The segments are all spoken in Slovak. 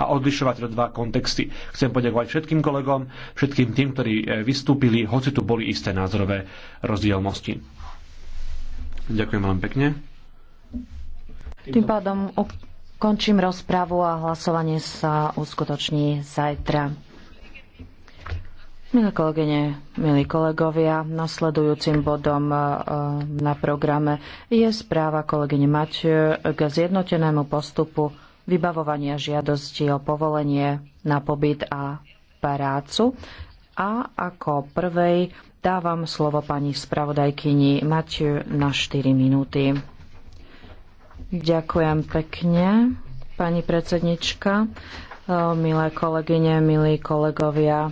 a odlišovať dva kontexty. Chcem poďakovať všetkým kolegom, všetkým tým, ktorí e, vystúpili, hoci tu boli isté názorové rozdielnosti. Ďakujem veľmi pekne. Tým pádom končím rozpravu a hlasovanie sa uskutoční zajtra. Milé kolegyne, milí kolegovia, nasledujúcim bodom e, na programe je správa kolegyne Mať k zjednotenému postupu vybavovania žiadosti o povolenie na pobyt a prácu. A ako prvej dávam slovo pani spravodajkyni Matiu na 4 minúty. Ďakujem pekne, pani predsednička, milé kolegyne, milí kolegovia.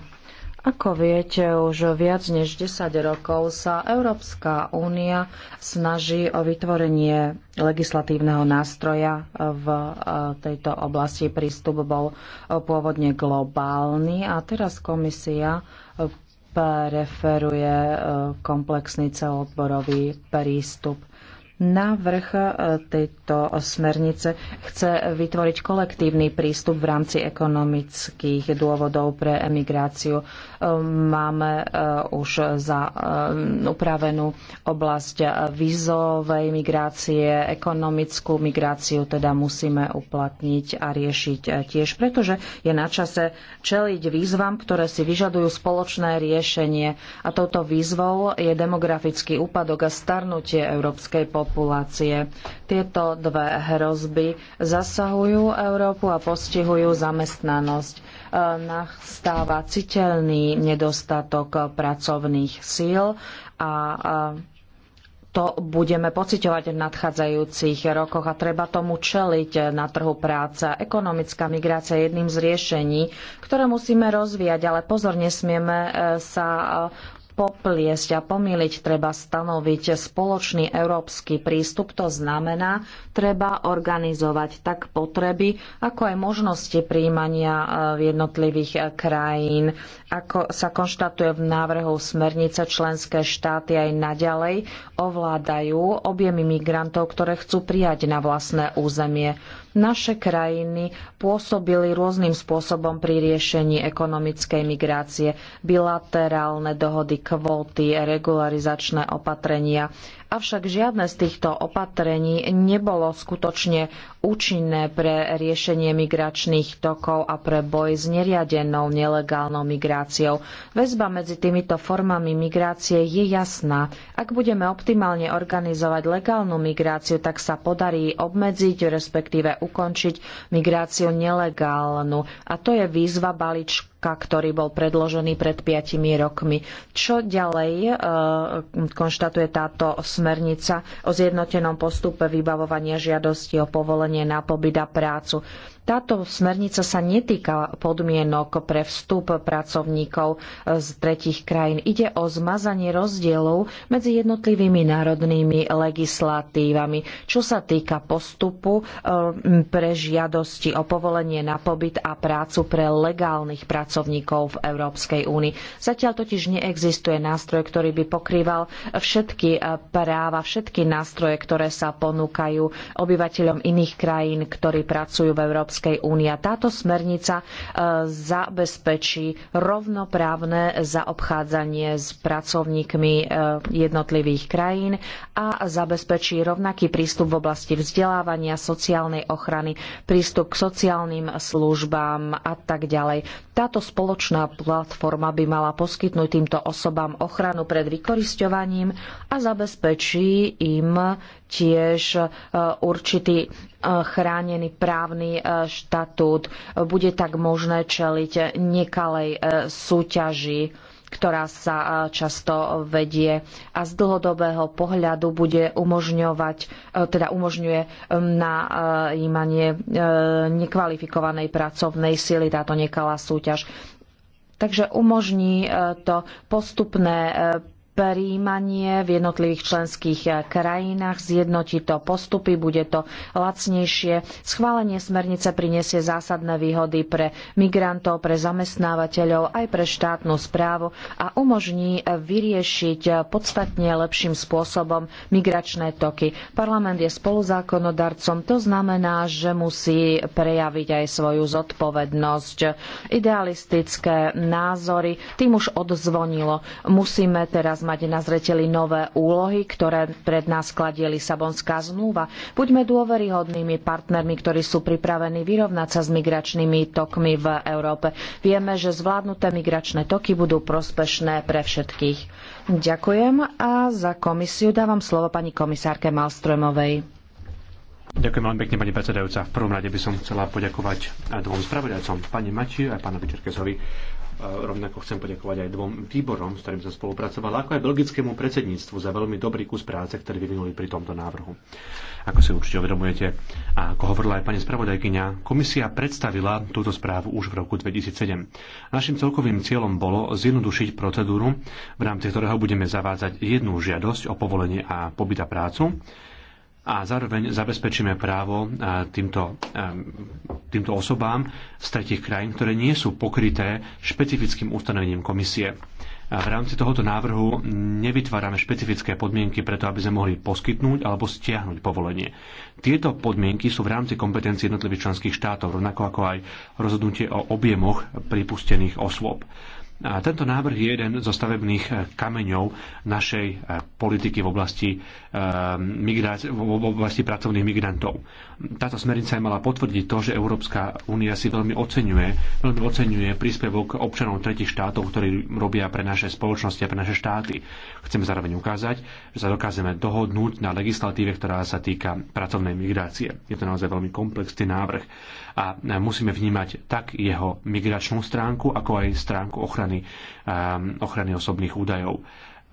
Ako viete, už viac než 10 rokov sa Európska únia snaží o vytvorenie legislatívneho nástroja v e, tejto oblasti. Prístup bol pôvodne globálny a teraz komisia preferuje e, komplexný celoodborový prístup vrch e, tejto smernice chce vytvoriť kolektívny prístup v rámci ekonomických dôvodov pre emigráciu. E, máme e, už za upravenú oblasť vízovej migrácie, ekonomickú migráciu, teda musíme uplatniť a riešiť tiež, pretože je na čase čeliť výzvam, ktoré si vyžadujú spoločné riešenie. A touto výzvou je demografický úpadok a starnutie európskej populácie populácie. Tieto dve hrozby zasahujú Európu a postihujú zamestnanosť. E, nastáva citeľný nedostatok pracovných síl a to budeme pociťovať v nadchádzajúcich rokoch a treba tomu čeliť na trhu práca. Ekonomická migrácia je jedným z riešení, ktoré musíme rozvíjať, ale pozor, nesmieme e, sa popliesť a pomýliť. Treba stanoviť spoločný európsky prístup. To znamená, treba organizovať tak potreby, ako aj možnosti príjmania e, v jednotlivých e, krajín. Ako sa konštatuje v návrhu smernice, členské štáty aj naďalej ovládajú objemy migrantov, ktoré chcú prijať na vlastné územie naše krajiny pôsobili rôznym spôsobom pri riešení ekonomickej migrácie. Bilaterálne dohody, kvóty, regularizačné opatrenia Avšak žiadne z týchto opatrení nebolo skutočne účinné pre riešenie migračných tokov a pre boj s neriadenou nelegálnou migráciou. Väzba medzi týmito formami migrácie je jasná. Ak budeme optimálne organizovať legálnu migráciu, tak sa podarí obmedziť, respektíve ukončiť migráciu nelegálnu. A to je výzva balíčku ktorý bol predložený pred 5 rokmi. Čo ďalej e, konštatuje táto smernica o zjednotenom postupe vybavovania žiadosti o povolenie na pobyt a prácu? Táto smernica sa netýka podmienok pre vstup pracovníkov z tretich krajín. Ide o zmazanie rozdielov medzi jednotlivými národnými legislatívami, čo sa týka postupu e, pre žiadosti o povolenie na pobyt a prácu pre legálnych pracovníkov v Európskej únii. Zatiaľ totiž neexistuje nástroj, ktorý by pokrýval všetky e, práva, všetky nástroje, ktoré sa ponúkajú obyvateľom iných krajín, ktorí pracujú v Európskej Európskej únie. Táto smernica e, zabezpečí rovnoprávne zaobchádzanie s pracovníkmi e, jednotlivých krajín a zabezpečí rovnaký prístup v oblasti vzdelávania, sociálnej ochrany, prístup k sociálnym službám a tak ďalej. Táto spoločná platforma by mala poskytnúť týmto osobám ochranu pred vykorisťovaním a zabezpečí im tiež e, určitý e, chránený právny e, štatút. Bude tak možné čeliť nekalej súťaži ktorá sa často vedie a z dlhodobého pohľadu bude umožňovať, teda umožňuje najímanie nekvalifikovanej pracovnej sily táto nekalá súťaž. Takže umožní to postupné príjmanie v jednotlivých členských eh, krajinách, zjednotí to postupy, bude to lacnejšie. Schválenie smernice prinesie zásadné výhody pre migrantov, pre zamestnávateľov, aj pre štátnu správu a umožní eh, vyriešiť eh, podstatne lepším spôsobom migračné toky. Parlament je spoluzákonodarcom, to znamená, že musí prejaviť aj svoju zodpovednosť. Idealistické názory tým už odzvonilo. Musíme teraz mať mať na zreteli nové úlohy, ktoré pred nás kladie Lisabonská zmluva. Buďme dôveryhodnými partnermi, ktorí sú pripravení vyrovnať sa s migračnými tokmi v Európe. Vieme, že zvládnuté migračné toky budú prospešné pre všetkých. Ďakujem a za komisiu dávam slovo pani komisárke Malstromovej. Ďakujem veľmi pekne, pani predsedajúca. V prvom rade by som chcela poďakovať dvom spravodajcom, pani Mači a pánovi Čerkesovi Rovnako chcem poďakovať aj dvom výborom, s ktorým som spolupracoval, ako aj belgickému predsedníctvu za veľmi dobrý kus práce, ktorý vyvinuli pri tomto návrhu. Ako si určite uvedomujete, a ako hovorila aj pani spravodajkyňa, komisia predstavila túto správu už v roku 2007. Našim celkovým cieľom bolo zjednodušiť procedúru, v rámci ktorého budeme zavádzať jednu žiadosť o povolenie a pobyt a prácu, a zároveň zabezpečíme právo e, týmto, e, týmto osobám z tretich krajín, ktoré nie sú pokryté špecifickým ustanovením komisie. V rámci tohoto návrhu nevytvárame špecifické podmienky preto, aby sme mohli poskytnúť alebo stiahnuť povolenie. Tieto podmienky sú v rámci kompetencií jednotlivých členských štátov, rovnako ako aj rozhodnutie o objemoch pripustených osôb. A tento návrh je jeden zo stavebných eh, kameňov našej eh, politiky v oblasti, eh, v oblasti pracovných migrantov. Táto smernica mala potvrdiť to, že Európska únia si veľmi oceňuje, veľmi oceňuje príspevok občanov tretich štátov, ktorí robia pre naše spoločnosti a pre naše štáty. Chceme zároveň ukázať, že sa dokážeme dohodnúť na legislatíve, ktorá sa týka pracovnej migrácie. Je to naozaj veľmi komplexný návrh a musíme vnímať tak jeho migračnú stránku, ako aj stránku ochrany ochrany, ochrany osobných údajov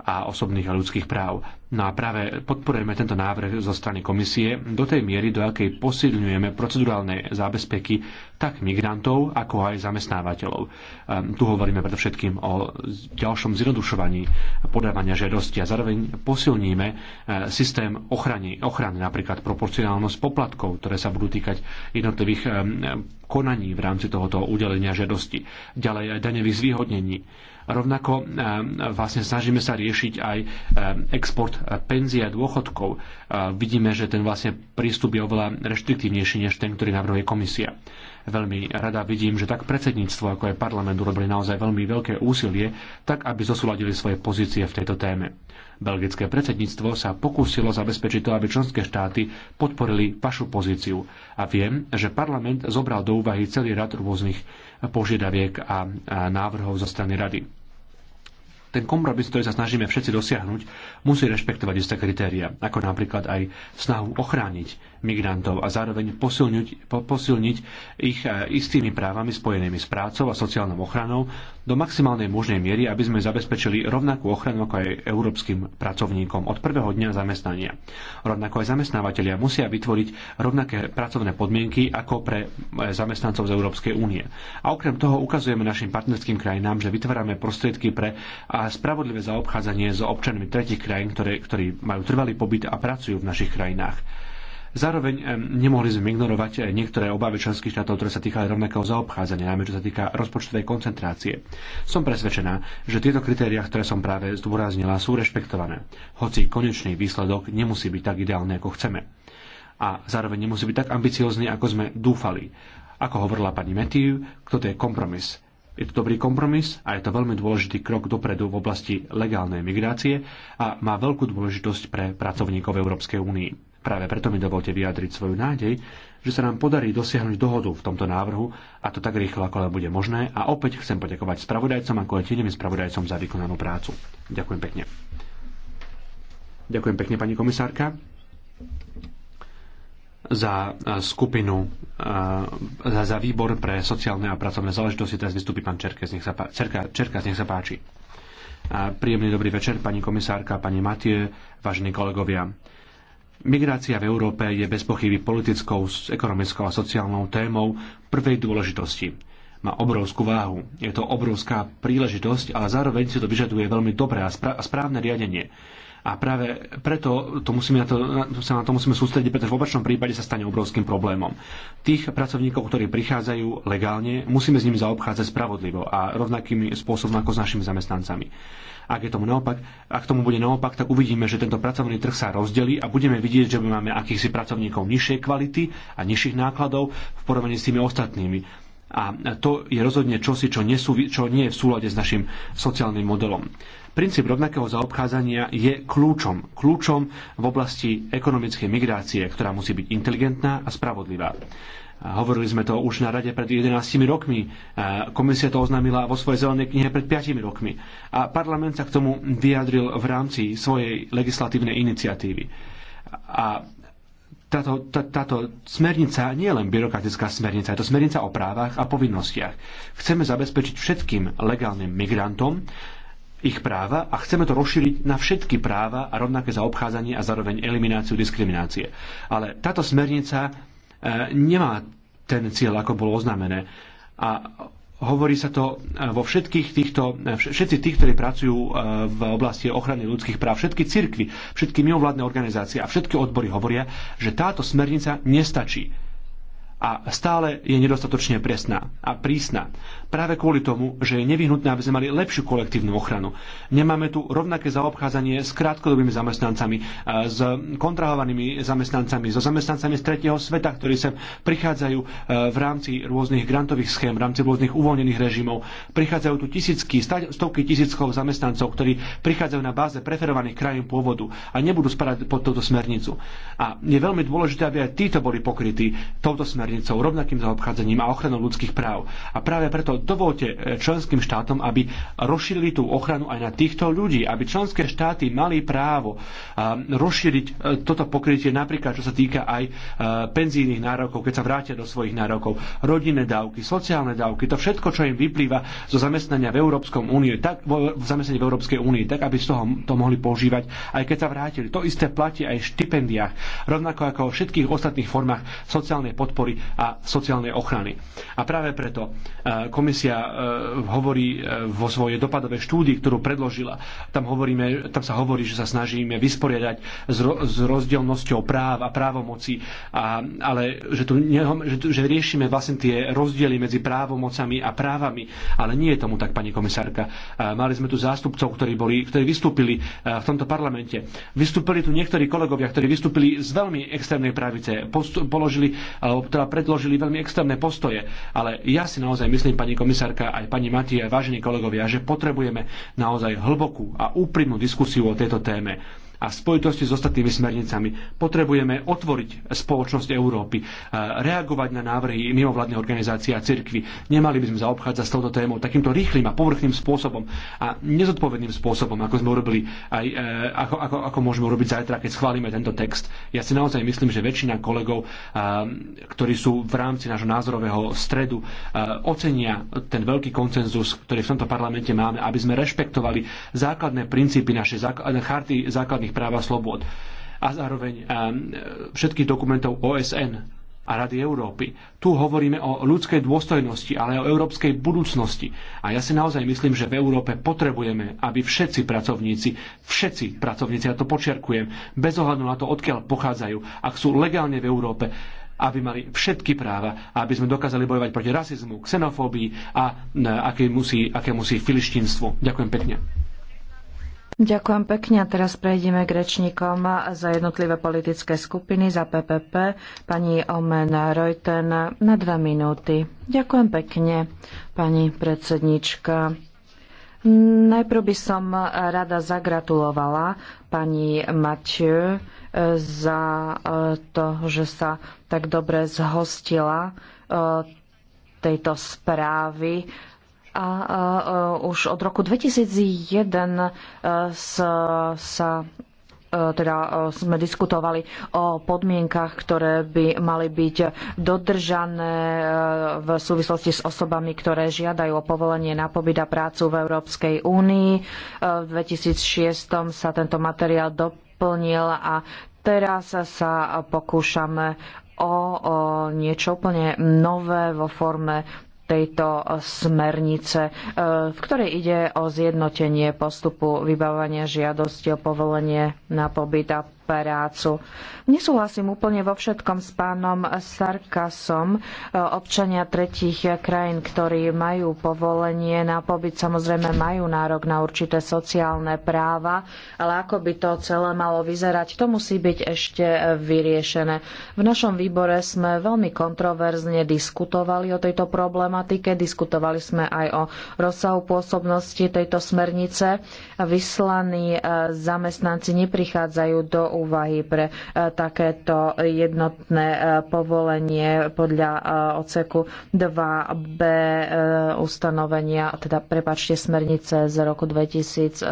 a osobných a ľudských práv. No a práve podporujeme tento návrh zo strany komisie do tej miery, do akej posilňujeme procedurálne zábezpeky tak migrantov, ako aj zamestnávateľov. Ehm, tu hovoríme predovšetkým o ďalšom zjednodušovaní podávania žiadosti a zároveň posilníme ehm, systém ochrany, ochrany napríklad proporcionálnosť poplatkov, ktoré sa budú týkať jednotlivých ehm, konaní v rámci tohoto udelenia žiadosti. Ďalej aj daňových zvýhodnení Rovnako e, vlastne snažíme sa riešiť aj e, export e, penzia dôchodkov. Vidíme, že ten vlastne prístup je oveľa reštriktívnejší než ten, ktorý navrhuje komisia. Veľmi rada vidím, že tak predsedníctvo ako aj parlament urobili naozaj veľmi veľké úsilie, tak aby zosúladili svoje pozície v tejto téme. Belgické predsedníctvo sa pokúsilo zabezpečiť to, aby členské štáty podporili vašu pozíciu. A viem, že parlament zobral do úvahy celý rad rôznych požiadaviek a návrhov zo strany rady ten kompromis, ktorý sa snažíme všetci dosiahnuť, musí rešpektovať isté kritéria, ako napríklad aj snahu ochrániť migrantov a zároveň posilniť, po, posilniť ich eh, istými právami spojenými s prácou a sociálnou ochranou do maximálnej možnej miery, aby sme zabezpečili rovnakú ochranu ako aj európskym pracovníkom od prvého dňa zamestnania. Rovnako aj zamestnávateľia musia vytvoriť rovnaké pracovné podmienky ako pre eh, zamestnancov z Európskej únie. A okrem toho ukazujeme našim partnerským krajinám, že vytvárame prostriedky pre spravodlivé zaobchádzanie s občanmi tretich krajín, ktoré, ktorí majú trvalý pobyt a pracujú v našich krajinách. Zároveň nemohli sme ignorovať eh, niektoré obavy členských štátov, ktoré sa týkali rovnakého zaobchádzania, najmä čo sa týka rozpočtovej koncentrácie. Som presvedčená, že tieto kritéria, ktoré som práve zdôraznila, sú rešpektované, hoci konečný výsledok nemusí byť tak ideálny, ako chceme. A zároveň nemusí byť tak ambiciózny, ako sme dúfali. Ako hovorila pani Metiu, toto je kompromis. Je to dobrý kompromis a je to veľmi dôležitý krok dopredu v oblasti legálnej migrácie a má veľkú dôležitosť pre pracovníkov Európskej únii. Práve preto mi dovolte vyjadriť svoju nádej, že sa nám podarí dosiahnuť dohodu v tomto návrhu a to tak rýchlo, ako len bude možné. A opäť chcem poďakovať spravodajcom ako aj spravodajcom za vykonanú prácu. Ďakujem pekne. Ďakujem pekne, pani komisárka za e, skupinu, e, za, za výbor pre sociálne a pracovné záležitosti. Teraz vystúpi pán Čerkes, nech sa, páči. Čerka, Čerkes, nech sa páči. A príjemný dobrý večer, pani komisárka, pani Matie, vážení kolegovia. Migrácia v Európe je bez pochyby politickou, ekonomickou a sociálnou témou prvej dôležitosti. Má obrovskú váhu. Je to obrovská príležitosť, ale zároveň si to vyžaduje veľmi dobré a správne riadenie. A práve preto to musíme na to, sa na to musíme sústrediť, pretože v opačnom prípade sa stane obrovským problémom. Tých pracovníkov, ktorí prichádzajú legálne, musíme s nimi zaobchádzať spravodlivo a rovnakým spôsobom ako s našimi zamestnancami. Ak, je tomu naopak, ak tomu bude naopak, tak uvidíme, že tento pracovný trh sa rozdelí a budeme vidieť, že my máme akýchsi pracovníkov nižšej kvality a nižších nákladov v porovnaní s tými ostatnými. A to je rozhodne čosi, čo, nesú, čo nie je v súlade s našim sociálnym modelom. Princíp rovnakého zaobchádzania je kľúčom. Kľúčom v oblasti ekonomickej migrácie, ktorá musí byť inteligentná a spravodlivá. Hovorili sme to už na rade pred 11 rokmi. Komisia to oznámila vo svojej zelenej knihe pred 5 rokmi. A parlament sa k tomu vyjadril v rámci svojej legislatívnej iniciatívy. A táto, tá, táto smernica nie je len byrokratická smernica, je to smernica o právach a povinnostiach. Chceme zabezpečiť všetkým legálnym migrantom, ich práva a chceme to rozšíriť na všetky práva a rovnaké obchádzanie a zároveň elimináciu diskriminácie. Ale táto smernica E, nemá ten cieľ, ako bolo oznámené. A Hovorí sa to e, vo všetkých týchto, e, všetci tí, ktorí pracujú v oblasti ochrany ľudských práv, všetky cirkvy, všetky mimovládne organizácie a všetky odbory hovoria, že táto smernica nestačí a stále je nedostatočne presná a prísna práve kvôli tomu, že je nevyhnutné, aby sme mali lepšiu kolektívnu ochranu. Nemáme tu rovnaké zaobchádzanie s krátkodobými zamestnancami, e, s kontrahovanými zamestnancami, so zamestnancami z tretieho sveta, ktorí sem prichádzajú e, v rámci rôznych grantových schém, v rámci rôznych uvoľnených režimov. Prichádzajú tu tisícky, stovky tisíckov zamestnancov, ktorí prichádzajú na báze preferovaných krajín pôvodu a nebudú spadať pod túto smernicu. A je veľmi dôležité, aby aj títo boli pokrytí touto smernicou, rovnakým zaobchádzaním a ochranou ľudských práv. A práve preto dovolte e, členským štátom, aby rozšírili tú ochranu aj na týchto ľudí, aby členské štáty mali právo rozšíriť e, toto pokrytie napríklad, čo sa týka aj e, penzijných nárokov, keď sa vrátia do svojich nárokov, rodinné dávky, sociálne dávky, to všetko, čo im vyplýva zo zamestnania v Európskom únie, tak, v zamestnaní v Európskej únii, tak aby z toho to mohli používať, aj keď sa vrátili. To isté platí aj v štipendiách, rovnako ako vo všetkých ostatných formách sociálnej podpory a sociálnej ochrany. A práve preto komisia e, hovorí e, vo svojej dopadovej štúdii, ktorú predložila, tam, hovoríme, tam sa hovorí, že sa snažíme vysporiadať s, ro, s rozdielnosťou práv a právomocí, a, ale že, tu že, že riešime vlastne tie rozdiely medzi právomocami a právami, ale nie je tomu tak, pani komisárka. E, mali sme tu zástupcov, ktorí, boli, ktorí vystúpili v tomto parlamente. Vystúpili tu niektorí kolegovia, ktorí vystúpili z veľmi extrémnej pravice, položili, teda predložili veľmi extrémne postoje, ale ja si naozaj myslím, pani komisárka, aj pani Matia, vážení kolegovia, že potrebujeme naozaj hlbokú a úprimnú diskusiu o tejto téme a v spojitosti s ostatnými smernicami. Potrebujeme otvoriť spoločnosť Európy, e, reagovať na návrhy mimovládnej organizácie a cirkvy. Nemali by sme zaobchádzať s touto témou takýmto rýchlým a povrchným spôsobom a nezodpovedným spôsobom, ako sme urobili aj, e, ako, ako, ako môžeme urobiť zajtra, keď schválime tento text. Ja si naozaj myslím, že väčšina kolegov, e, ktorí sú v rámci nášho názorového stredu, ocenia ten veľký koncenzus, ktorý v tomto parlamente máme, aby sme rešpektovali základné princípy našej charty základných základných práv a slobod a zároveň ehm, všetkých dokumentov OSN a Rady Európy. Tu hovoríme o ľudskej dôstojnosti, ale aj o európskej budúcnosti. A ja si naozaj myslím, že v Európe potrebujeme, aby všetci pracovníci, všetci pracovníci, ja to počiarkujem, bez ohľadu na to, odkiaľ pochádzajú, ak sú legálne v Európe, aby mali všetky práva, aby sme dokázali bojovať proti rasizmu, xenofóbii a aké e, musí, aké musí filištinstvo. Ďakujem pekne. Ďakujem pekne a teraz prejdeme k rečníkom za jednotlivé politické skupiny, za PPP, pani Omen Reuten na dve minúty. Ďakujem pekne, pani predsednička. Najprv by som rada zagratulovala pani Mathieu za e, to, že sa tak dobre zhostila e, tejto správy a e, už od roku 2001 e, sa e, teda sme diskutovali o podmienkach, ktoré by mali byť dodržané v súvislosti s osobami, ktoré žiadajú o povolenie na pobyt a prácu v Európskej únii. V 2006 sa tento materiál doplnil a teraz sa pokúšame o, o niečo úplne nové vo forme tejto smernice, e, v ktorej ide o zjednotenie postupu vybavania žiadosti o povolenie na pobyt a prácu. Nesúhlasím úplne vo všetkom s pánom Sarkasom. Občania tretích krajín, ktorí majú povolenie na pobyt, samozrejme majú nárok na určité sociálne práva, ale ako by to celé malo vyzerať, to musí byť ešte vyriešené. V našom výbore sme veľmi kontroverzne diskutovali o tejto problematike, diskutovali sme aj o rozsahu pôsobnosti tejto smernice. Vyslaní eh, zamestnanci neprichádzajú do úvahy pre e, takéto jednotné e, povolenie podľa e, oceku 2b ustanovenia, teda prepačte smernice z roku 2007.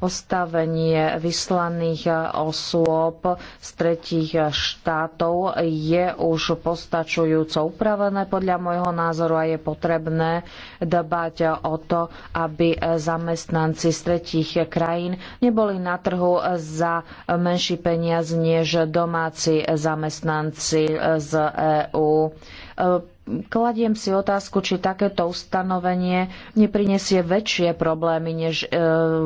Postavenie vyslaných osôb z tretích štátov je už postačujúco upravené podľa môjho názoru a je potrebné dbať o to, aby zamestnanci z tretích krajín neboli na trhu za za menší peniaz než domáci zamestnanci z EÚ. Kladiem si otázku, či takéto ustanovenie neprinesie väčšie problémy, než e,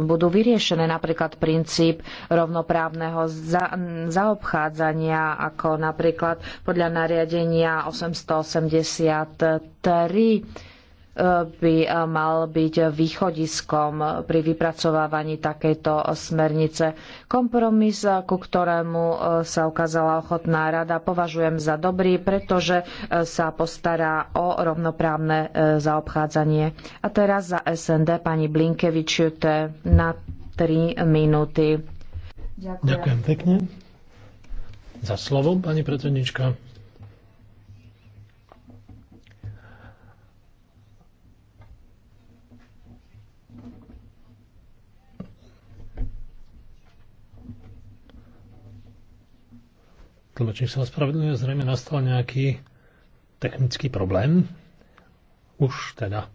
budú vyriešené napríklad princíp rovnoprávneho zaobchádzania, ako napríklad podľa nariadenia 883 by eh, mal byť východiskom pri vypracovávaní takejto smernice. Kompromis, eh, ku ktorému eh, sa ukázala ochotná rada, považujem za dobrý, pretože sa postará o rovnoprávne zaobchádzanie. A teraz za SND pani Blinkevičiute na 3 minúty. Ďakujem. Ďakujem pekne za slovo, pani predsednička. Tlmočník sa ospravedlňuje, zrejme nastal nejaký technický problém. Už teda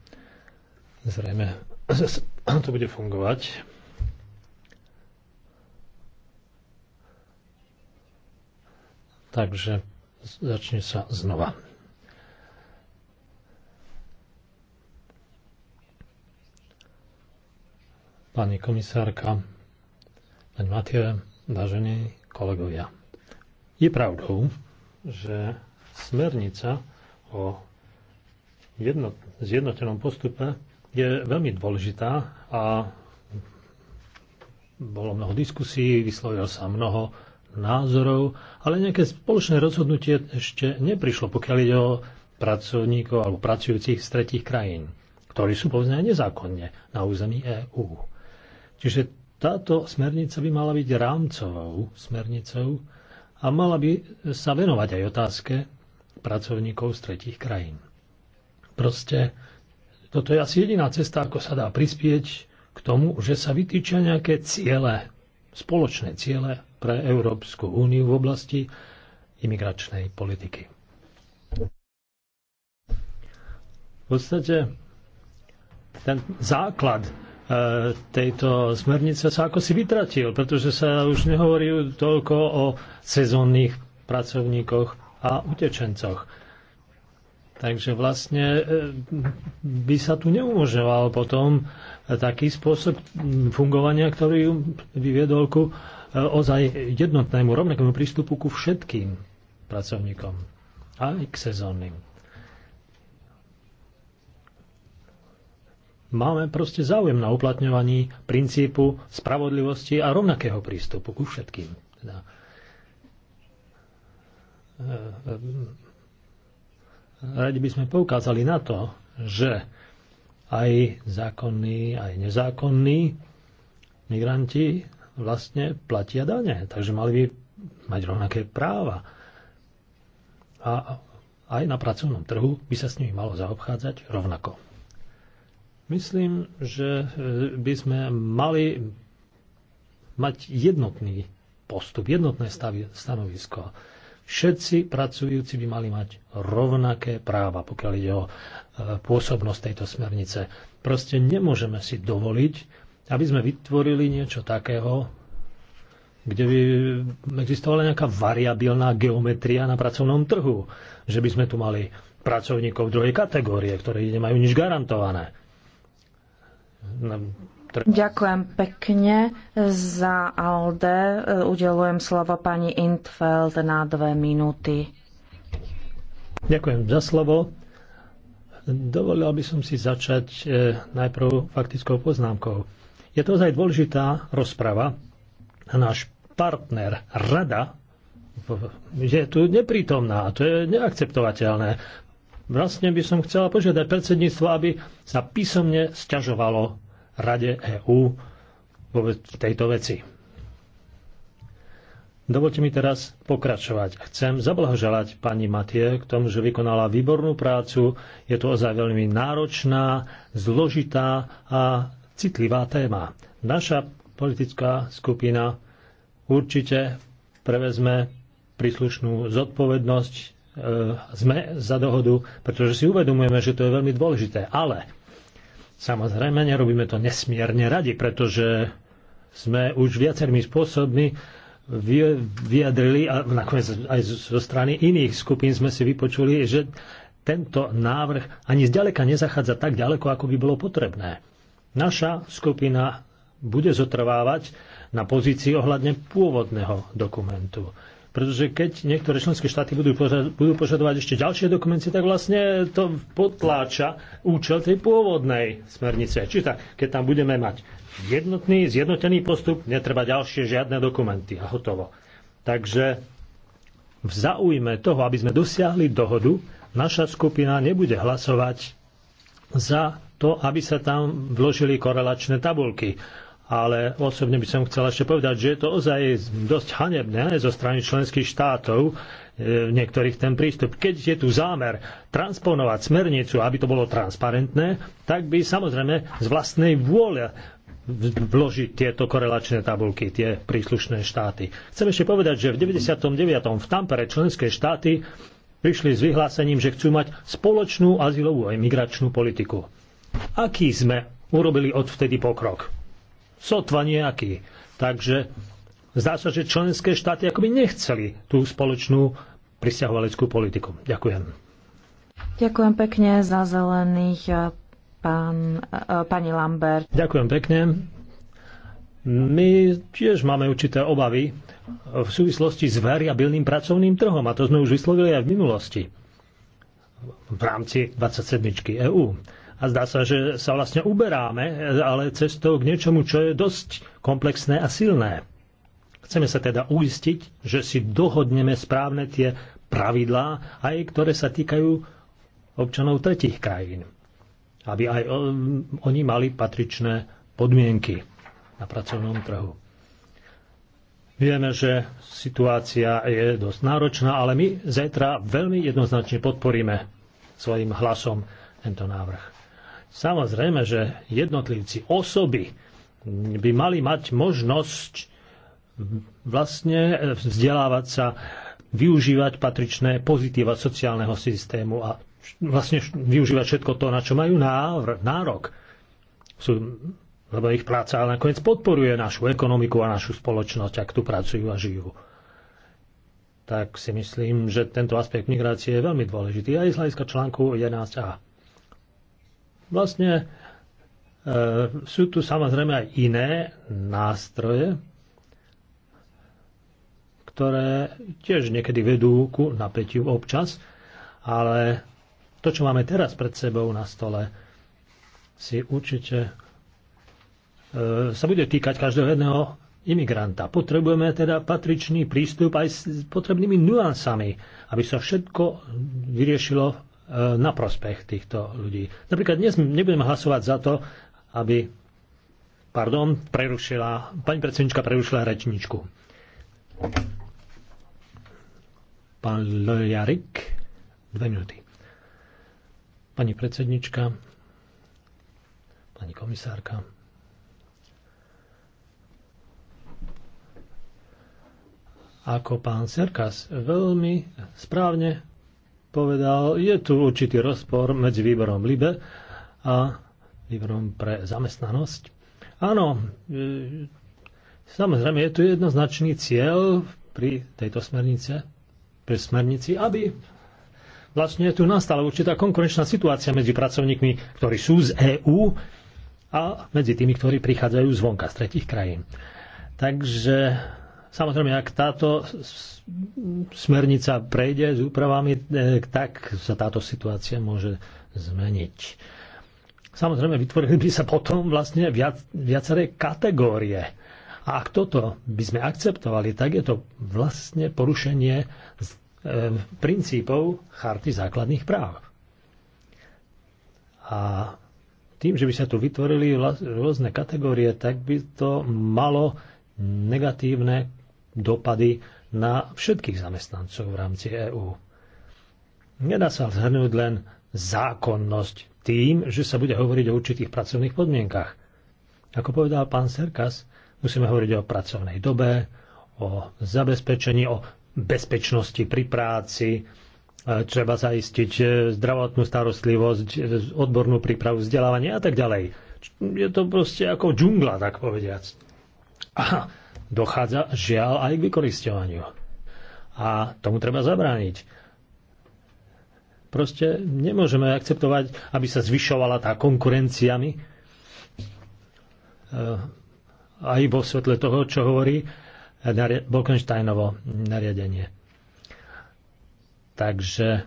zrejme to bude fungovať. Takže začne sa znova. Pani komisárka, pani Matie, vážení kolegovia. Je pravdou, že smernica o jednot, zjednotenom postupe je veľmi dôležitá a bolo mnoho diskusí, vyslovilo sa mnoho názorov, ale nejaké spoločné rozhodnutie ešte neprišlo, pokiaľ ide o pracovníkov alebo pracujúcich z tretich krajín, ktorí sú povedzme nezákonne na území EÚ. Čiže táto smernica by mala byť rámcovou smernicou, a mala by sa venovať aj otázke pracovníkov z tretich krajín. Proste toto je asi jediná cesta, ako sa dá prispieť k tomu, že sa vytýčia nejaké ciele, spoločné ciele pre Európsku úniu v oblasti imigračnej politiky. V podstate ten základ E, tejto smernice sa ako si vytratil, pretože sa už nehovorí toľko o sezónnych pracovníkoch a utečencoch. Takže vlastne e, by sa tu neumožňoval potom taký spôsob fungovania, ktorý viedol ku e, ozaj jednotnému, rovnakému prístupu ku všetkým pracovníkom, aj k sezónnym. Máme proste záujem na uplatňovaní princípu spravodlivosti a rovnakého prístupu ku všetkým. Teda, e, e, radi by sme poukázali na to, že aj zákonní, aj nezákonní migranti vlastne platia dane, takže mali by mať rovnaké práva. A aj na pracovnom trhu by sa s nimi malo zaobchádzať rovnako. Myslím, že e, by sme mali mať jednotný postup, jednotné stavie, stanovisko. Všetci pracujúci by mali mať rovnaké práva, pokiaľ ide o e, pôsobnosť tejto smernice. Proste nemôžeme si dovoliť, aby sme vytvorili niečo takého, kde by existovala nejaká variabilná geometria na pracovnom trhu. Že by sme tu mali pracovníkov druhej kategórie, ktorí nemajú nič garantované. Ďakujem pekne za Alde. Eh, udelujem slovo pani Intfeld na dve minúty. Ďakujem za slovo. Dovolil by som si začať eh, najprv faktickou poznámkou. Je to ozaj dôležitá rozprava náš partner Rada je tu neprítomná. To je neakceptovateľné. Vlastne by som chcela požiadať predsedníctvo, aby sa písomne sťažovalo Rade EÚ v tejto veci. Dovolte mi teraz pokračovať. Chcem zablahoželať pani Matie k tomu, že vykonala výbornú prácu. Je to ozaj veľmi náročná, zložitá a citlivá téma. Naša politická skupina určite prevezme príslušnú zodpovednosť E, sme za dohodu, pretože si uvedomujeme, že to je veľmi dôležité. Ale samozrejme nerobíme to nesmierne radi, pretože sme už viacerými spôsobmi vyjadrili a nakoniec aj zo strany iných skupín sme si vypočuli, že tento návrh ani zďaleka nezachádza tak ďaleko, ako by bolo potrebné. Naša skupina bude zotrvávať na pozícii ohľadne pôvodného dokumentu. Pretože keď niektoré členské štáty budú, požadovať, budú požadovať ešte ďalšie dokumenty, tak vlastne to potláča účel tej pôvodnej smernice. Čiže tak, keď tam budeme mať jednotný, zjednotený postup, netreba ďalšie žiadne dokumenty a hotovo. Takže v zaujme toho, aby sme dosiahli dohodu, naša skupina nebude hlasovať za to, aby sa tam vložili korelačné tabulky ale osobne by som chcel ešte povedať, že je to ozaj dosť hanebné zo strany členských štátov, e, niektorých ten prístup. Keď je tu zámer transponovať smernicu, aby to bolo transparentné, tak by samozrejme z vlastnej vôle vložiť tieto korelačné tabulky, tie príslušné štáty. Chcem ešte povedať, že v 99. v Tampere členské štáty prišli s vyhlásením, že chcú mať spoločnú azylovú a imigračnú politiku. Aký sme urobili odvtedy pokrok? sotva nejaký. Takže zdá sa, že členské štáty akoby nechceli tú spoločnú pristahovaleckú politiku. Ďakujem. Ďakujem pekne za zelených, eh, pán, eh, pani Lambert. Ďakujem pekne. My tiež máme určité obavy v súvislosti s variabilným pracovným trhom a to sme už vyslovili aj v minulosti v rámci 27. EÚ a zdá sa, že sa vlastne uberáme, ale cestou k niečomu, čo je dosť komplexné a silné. Chceme sa teda uistiť, že si dohodneme správne tie pravidlá, aj ktoré sa týkajú občanov tretich krajín. Aby aj oni mali patričné podmienky na pracovnom trhu. Vieme, že situácia je dosť náročná, ale my zajtra veľmi jednoznačne podporíme svojim hlasom tento návrh. Samozrejme, že jednotlivci, osoby by mali mať možnosť vlastne vzdelávať sa, využívať patričné pozitíva sociálneho systému a vlastne využívať všetko to, na čo majú nárok. Sú, lebo ich práca ale nakoniec podporuje našu ekonomiku a našu spoločnosť, ak tu pracujú a žijú. Tak si myslím, že tento aspekt migrácie je veľmi dôležitý aj z hľadiska článku 11a. Vlastne e, sú tu samozrejme aj iné nástroje, ktoré tiež niekedy vedú ku napätiu občas, ale to, čo máme teraz pred sebou na stole, si určite e, sa bude týkať každého jedného imigranta. Potrebujeme teda patričný prístup aj s potrebnými nuansami, aby sa všetko vyriešilo E, na prospech týchto ľudí. Napríklad dnes nebudeme hlasovať za to, aby pardon, prerušila, pani predsednička prerušila rečničku. Pán Lojarik, dve minúty. Pani predsednička, pani komisárka, ako pán Serkas veľmi správne povedal, je tu určitý rozpor medzi výborom LIBE a výborom pre zamestnanosť. Áno, e, samozrejme je tu jednoznačný cieľ pri tejto smernice, pri smernici, aby vlastne tu nastala určitá konkurenčná situácia medzi pracovníkmi, ktorí sú z EÚ a medzi tými, ktorí prichádzajú zvonka, z tretich krajín. Takže Samozrejme, ak táto smernica prejde s úpravami, e, tak sa táto situácia môže zmeniť. Samozrejme, vytvorili by sa potom vlastne viac, viaceré kategórie. A ak toto by sme akceptovali, tak je to vlastne porušenie e, princípov Charty základných práv. A tým, že by sa tu vytvorili rôzne kategórie, tak by to malo negatívne dopady na všetkých zamestnancov v rámci EÚ. Nedá sa zhrnúť len zákonnosť tým, že sa bude hovoriť o určitých pracovných podmienkach. Ako povedal pán Serkas, musíme hovoriť o pracovnej dobe, o zabezpečení, o bezpečnosti pri práci, e, treba zaistiť e, zdravotnú starostlivosť, e, odbornú prípravu, vzdelávanie a tak ďalej. Je to proste ako džungla, tak povediac. Aha dochádza žiaľ aj k vykoristovaniu. A tomu treba zabrániť. Proste nemôžeme akceptovať, aby sa zvyšovala tá konkurenciami eh, aj vo svetle toho, čo hovorí Bolkensteinovo nariadenie. Takže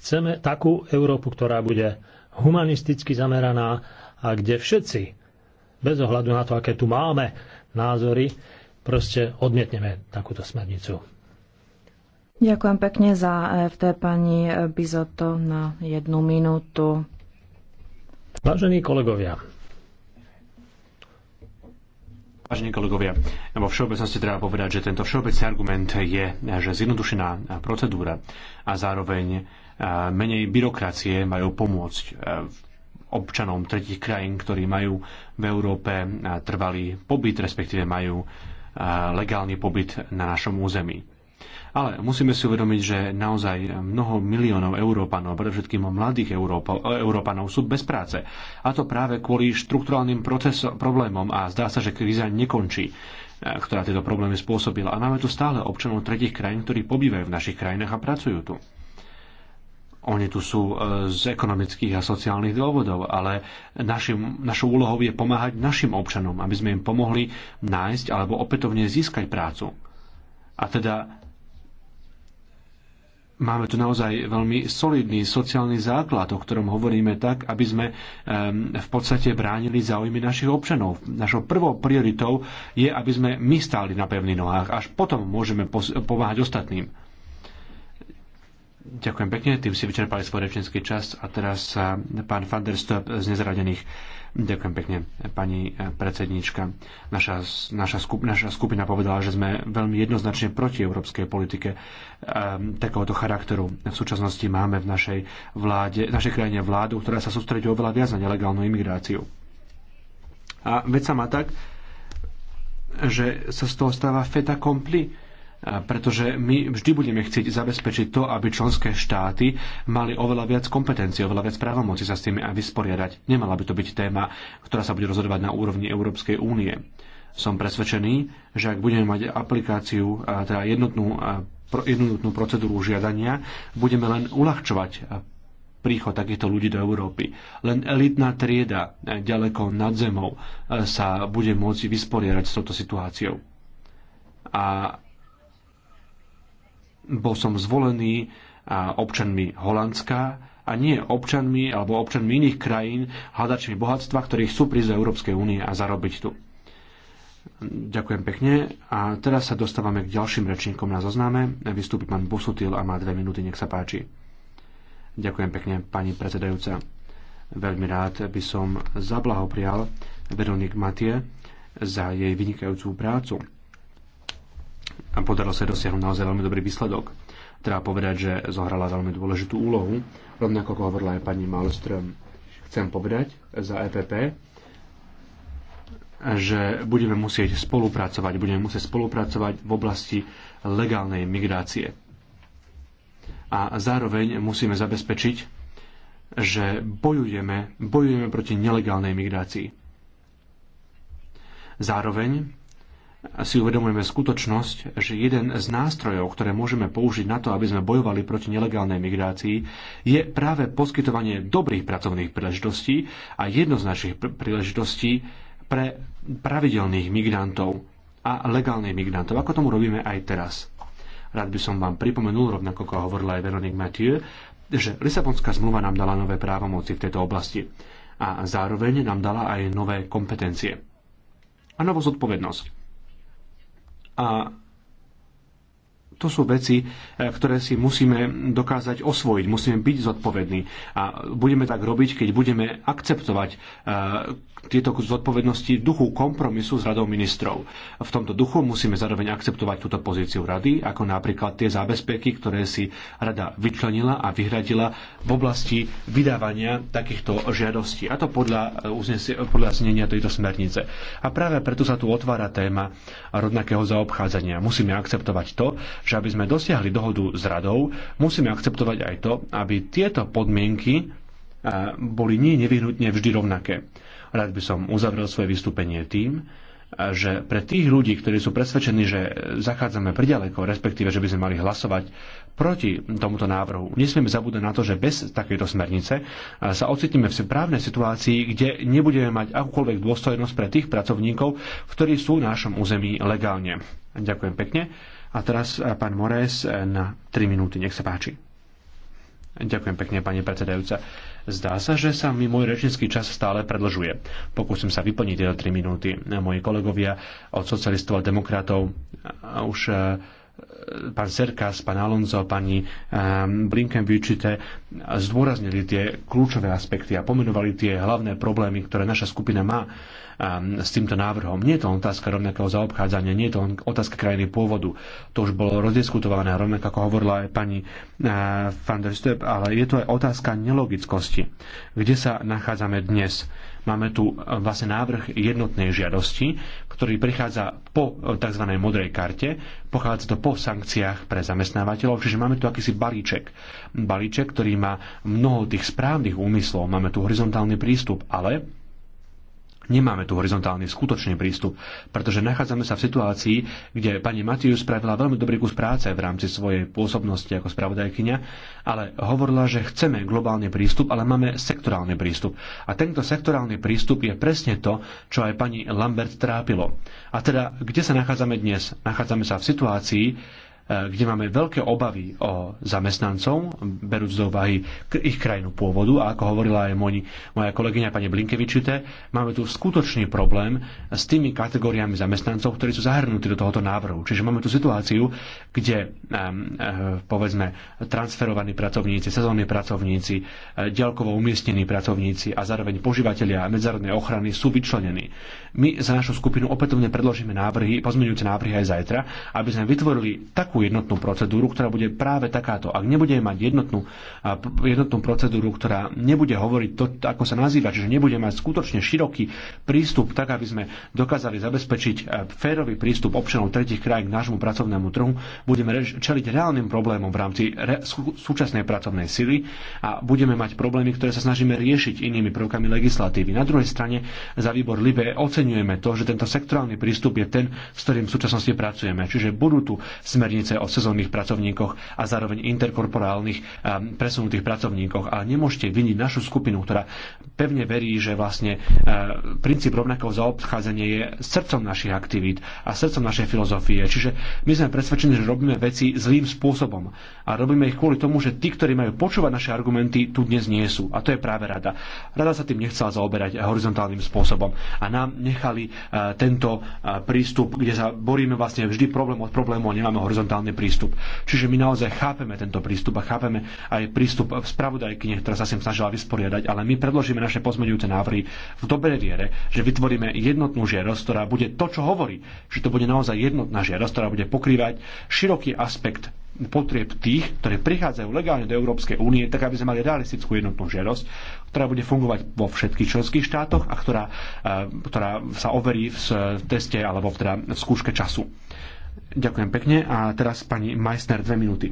chceme takú Európu, ktorá bude humanisticky zameraná a kde všetci, bez ohľadu na to, aké tu máme názory, proste odmietneme takúto smernicu. Ďakujem pekne za EFT pani Bizoto na jednu minútu. Vážení kolegovia, Vážení kolegovia, vo všeobecnosti treba povedať, že tento všeobecný argument je, že zjednodušená procedúra a zároveň menej byrokracie majú pomôcť v občanom tretich krajín, ktorí majú v Európe trvalý pobyt, respektíve majú legálny pobyt na našom území. Ale musíme si uvedomiť, že naozaj mnoho miliónov Európanov, predovšetkým mladých Európanov, sú bez práce. A to práve kvôli štrukturálnym problémom a zdá sa, že kríza nekončí ktorá tieto problémy spôsobila. A máme tu stále občanov tretich krajín, ktorí pobývajú v našich krajinách a pracujú tu. Oni tu sú e, z ekonomických a sociálnych dôvodov, ale našim, našou úlohou je pomáhať našim občanom, aby sme im pomohli nájsť alebo opätovne získať prácu. A teda máme tu naozaj veľmi solidný sociálny základ, o ktorom hovoríme tak, aby sme v podstate bránili záujmy našich občanov. Našou prvou prioritou je, aby sme my stáli na pevných nohách. Až potom môžeme pomáhať ostatným. Ďakujem pekne, tým si vyčerpali svoj rečenský čas a teraz pán van der Stop z nezradených. Ďakujem pekne, pani eh, predsednička. Naša, naša, skup, naša skupina povedala, že sme veľmi jednoznačne proti európskej politike um, takéhoto charakteru. V súčasnosti máme v našej, vláde, v našej krajine vládu, ktorá sa sústredí oveľa viac na nelegálnu imigráciu. A vec sa má tak, že sa z toho stáva feta kompli pretože my vždy budeme chcieť zabezpečiť to, aby členské štáty mali oveľa viac kompetencií, oveľa viac právomoci sa s tými aj vysporiadať. Nemala by to byť téma, ktorá sa bude rozhodovať na úrovni Európskej únie. Som presvedčený, že ak budeme mať aplikáciu, teda jednotnú, jednotnú procedúru žiadania, budeme len uľahčovať príchod takýchto ľudí do Európy. Len elitná trieda e, ďaleko nad zemou e, sa bude môcť vysporiadať s touto situáciou. A bol som zvolený občanmi Holandska a nie občanmi alebo občanmi iných krajín, hľadačmi bohatstva, ktorí chcú prísť do Európskej únie a zarobiť tu. Ďakujem pekne a teraz sa dostávame k ďalším rečníkom na zozname. Vystúpi pán Busutil a má dve minúty, nech sa páči. Ďakujem pekne, pani predsedajúca. Veľmi rád by som zablahoprial Veronik Matie za jej vynikajúcu prácu a podarilo sa dosiahnuť naozaj veľmi dobrý výsledok. Treba povedať, že zohrala veľmi dôležitú úlohu, rovnako ako hovorila aj pani Malström. Chcem povedať za EPP, že budeme musieť spolupracovať, budeme musieť spolupracovať v oblasti legálnej migrácie. A zároveň musíme zabezpečiť, že bojujeme, bojujeme proti nelegálnej migrácii. Zároveň si uvedomujeme skutočnosť, že jeden z nástrojov, ktoré môžeme použiť na to, aby sme bojovali proti nelegálnej migrácii, je práve poskytovanie dobrých pracovných príležitostí a jedno z našich príležitostí pre pravidelných migrantov a legálnych migrantov, ako tomu robíme aj teraz. Rád by som vám pripomenul, rovnako ako hovorila aj Veronique Mathieu, že Lisabonská zmluva nám dala nové právomoci v tejto oblasti a zároveň nám dala aj nové kompetencie a novú zodpovednosť. A to sú veci, e, ktoré si musíme dokázať osvojiť, musíme byť zodpovední a budeme tak robiť, keď budeme akceptovať e, tieto zodpovednosti duchu kompromisu s radou ministrov. V tomto duchu musíme zároveň akceptovať túto pozíciu rady, ako napríklad tie zábezpeky, ktoré si rada vyčlenila a vyhradila v oblasti vydávania takýchto žiadostí. A to podľa, e, uznesie, podľa znenia tejto smernice. A práve preto sa tu otvára téma rovnakého zaobchádzania. Musíme akceptovať to, že aby sme dosiahli dohodu s radou, musíme akceptovať aj to, aby tieto podmienky e, boli nie nevyhnutne vždy rovnaké. Rád by som uzavrel svoje vystúpenie tým, že pre tých ľudí, ktorí sú presvedčení, že zachádzame priďaleko, respektíve, že by sme mali hlasovať proti tomuto návrhu, nesmieme zabúdať na to, že bez takejto smernice sa ocitneme v právnej situácii, kde nebudeme mať akúkoľvek dôstojnosť pre tých pracovníkov, ktorí sú v našom území legálne. Ďakujem pekne. A teraz pán Moraes na 3 minúty. Nech sa páči. Ďakujem pekne, pani predsedajúca. Zdá sa, že sa mi môj rečnický čas stále predlžuje. Pokúsim sa vyplniť tieto 3 minúty. Moji kolegovia od socialistov a demokratov už pán Serkas, pán Alonso, pani ehm, Blinken vyčite zdôraznili tie kľúčové aspekty a pomenovali tie hlavné problémy, ktoré naša skupina má ehm, s týmto návrhom. Nie je to otázka rovnakého zaobchádzania, nie je to otázka krajiny pôvodu. To už bolo rozdiskutované, rovnako ako hovorila aj pani eh, van der Step, ale je to aj otázka nelogickosti. Kde sa nachádzame dnes? Máme tu e, vlastne návrh jednotnej žiadosti, ktorý prichádza po e, tzv. modrej karte, pochádza to po sankciách pre zamestnávateľov, čiže máme tu akýsi balíček. Balíček, ktorý má mnoho tých správnych úmyslov, máme tu horizontálny prístup, ale Nemáme tu horizontálny skutočný prístup, pretože nachádzame sa v situácii, kde pani Matius spravila veľmi dobrý kus práce v rámci svojej pôsobnosti ako spravodajkyňa, ale hovorila, že chceme globálny prístup, ale máme sektorálny prístup. A tento sektorálny prístup je presne to, čo aj pani Lambert trápilo. A teda, kde sa nachádzame dnes? Nachádzame sa v situácii, E, kde máme veľké obavy o zamestnancov, berúc do úvahy ich krajinu pôvodu. A ako hovorila aj moni, moja kolegyňa pani Blinkevičite, máme tu skutočný problém s tými kategóriami zamestnancov, ktorí sú zahrnutí do tohoto návrhu. Čiže máme tu situáciu, kde e, e, povedzme transferovaní pracovníci, sezónni pracovníci, ďalkovo umiestnení pracovníci a zároveň požívateľia medzárodnej ochrany sú vyčlenení. My za našu skupinu opätovne predložíme návrhy, pozmeňujúce návrhy aj zajtra, aby sme vytvorili tak takú jednotnú procedúru, ktorá bude práve takáto. Ak nebudeme mať jednotnú, jednotnú procedúru, ktorá nebude hovoriť to, ako sa nazýva, čiže nebude mať skutočne široký prístup, tak aby sme dokázali zabezpečiť e, férový prístup občanov tretich krajín k nášmu pracovnému trhu, budeme čeliť reálnym problémom v rámci re- súčasnej pracovnej sily a budeme mať problémy, ktoré sa snažíme riešiť inými prvkami legislatívy. Na druhej strane za výbor LIBE oceňujeme to, že tento sektorálny prístup je ten, s ktorým v súčasnosti pracujeme. Čiže budú tu smernice smernice o sezónnych pracovníkoch a zároveň interkorporálnych ehm, presunutých pracovníkoch. A nemôžete viniť našu skupinu, ktorá pevne verí, že vlastne ehm, princíp rovnakého zaobchádzania je srdcom našich aktivít a srdcom našej filozofie. Čiže my sme presvedčení, že robíme veci zlým spôsobom a robíme ich kvôli tomu, že tí, ktorí majú počúvať naše argumenty, tu dnes nie sú. A to je práve rada. Rada sa tým nechcela zaoberať horizontálnym spôsobom a nám nechali ehm, tento prístup, kde sa boríme vlastne vždy problém od problému a nemáme horizontálny horizontálny prístup. Čiže my naozaj chápeme tento prístup a chápeme aj prístup v spravodajkyne, ktorá sa sem snažila vysporiadať, ale my predložíme naše pozmeňujúce návrhy v dobrej viere, že vytvoríme jednotnú žiarosť, ktorá bude to, čo hovorí, že to bude naozaj jednotná žiarosť, ktorá bude pokrývať široký aspekt potrieb tých, ktoré prichádzajú legálne do Európskej únie, tak aby sme mali realistickú jednotnú žiarosť, ktorá bude fungovať vo všetkých členských štátoch a ktorá, e, ktorá sa overí v teste alebo v, teda v skúške času. Ďakujem pekne a teraz pani Meissner dve minúty.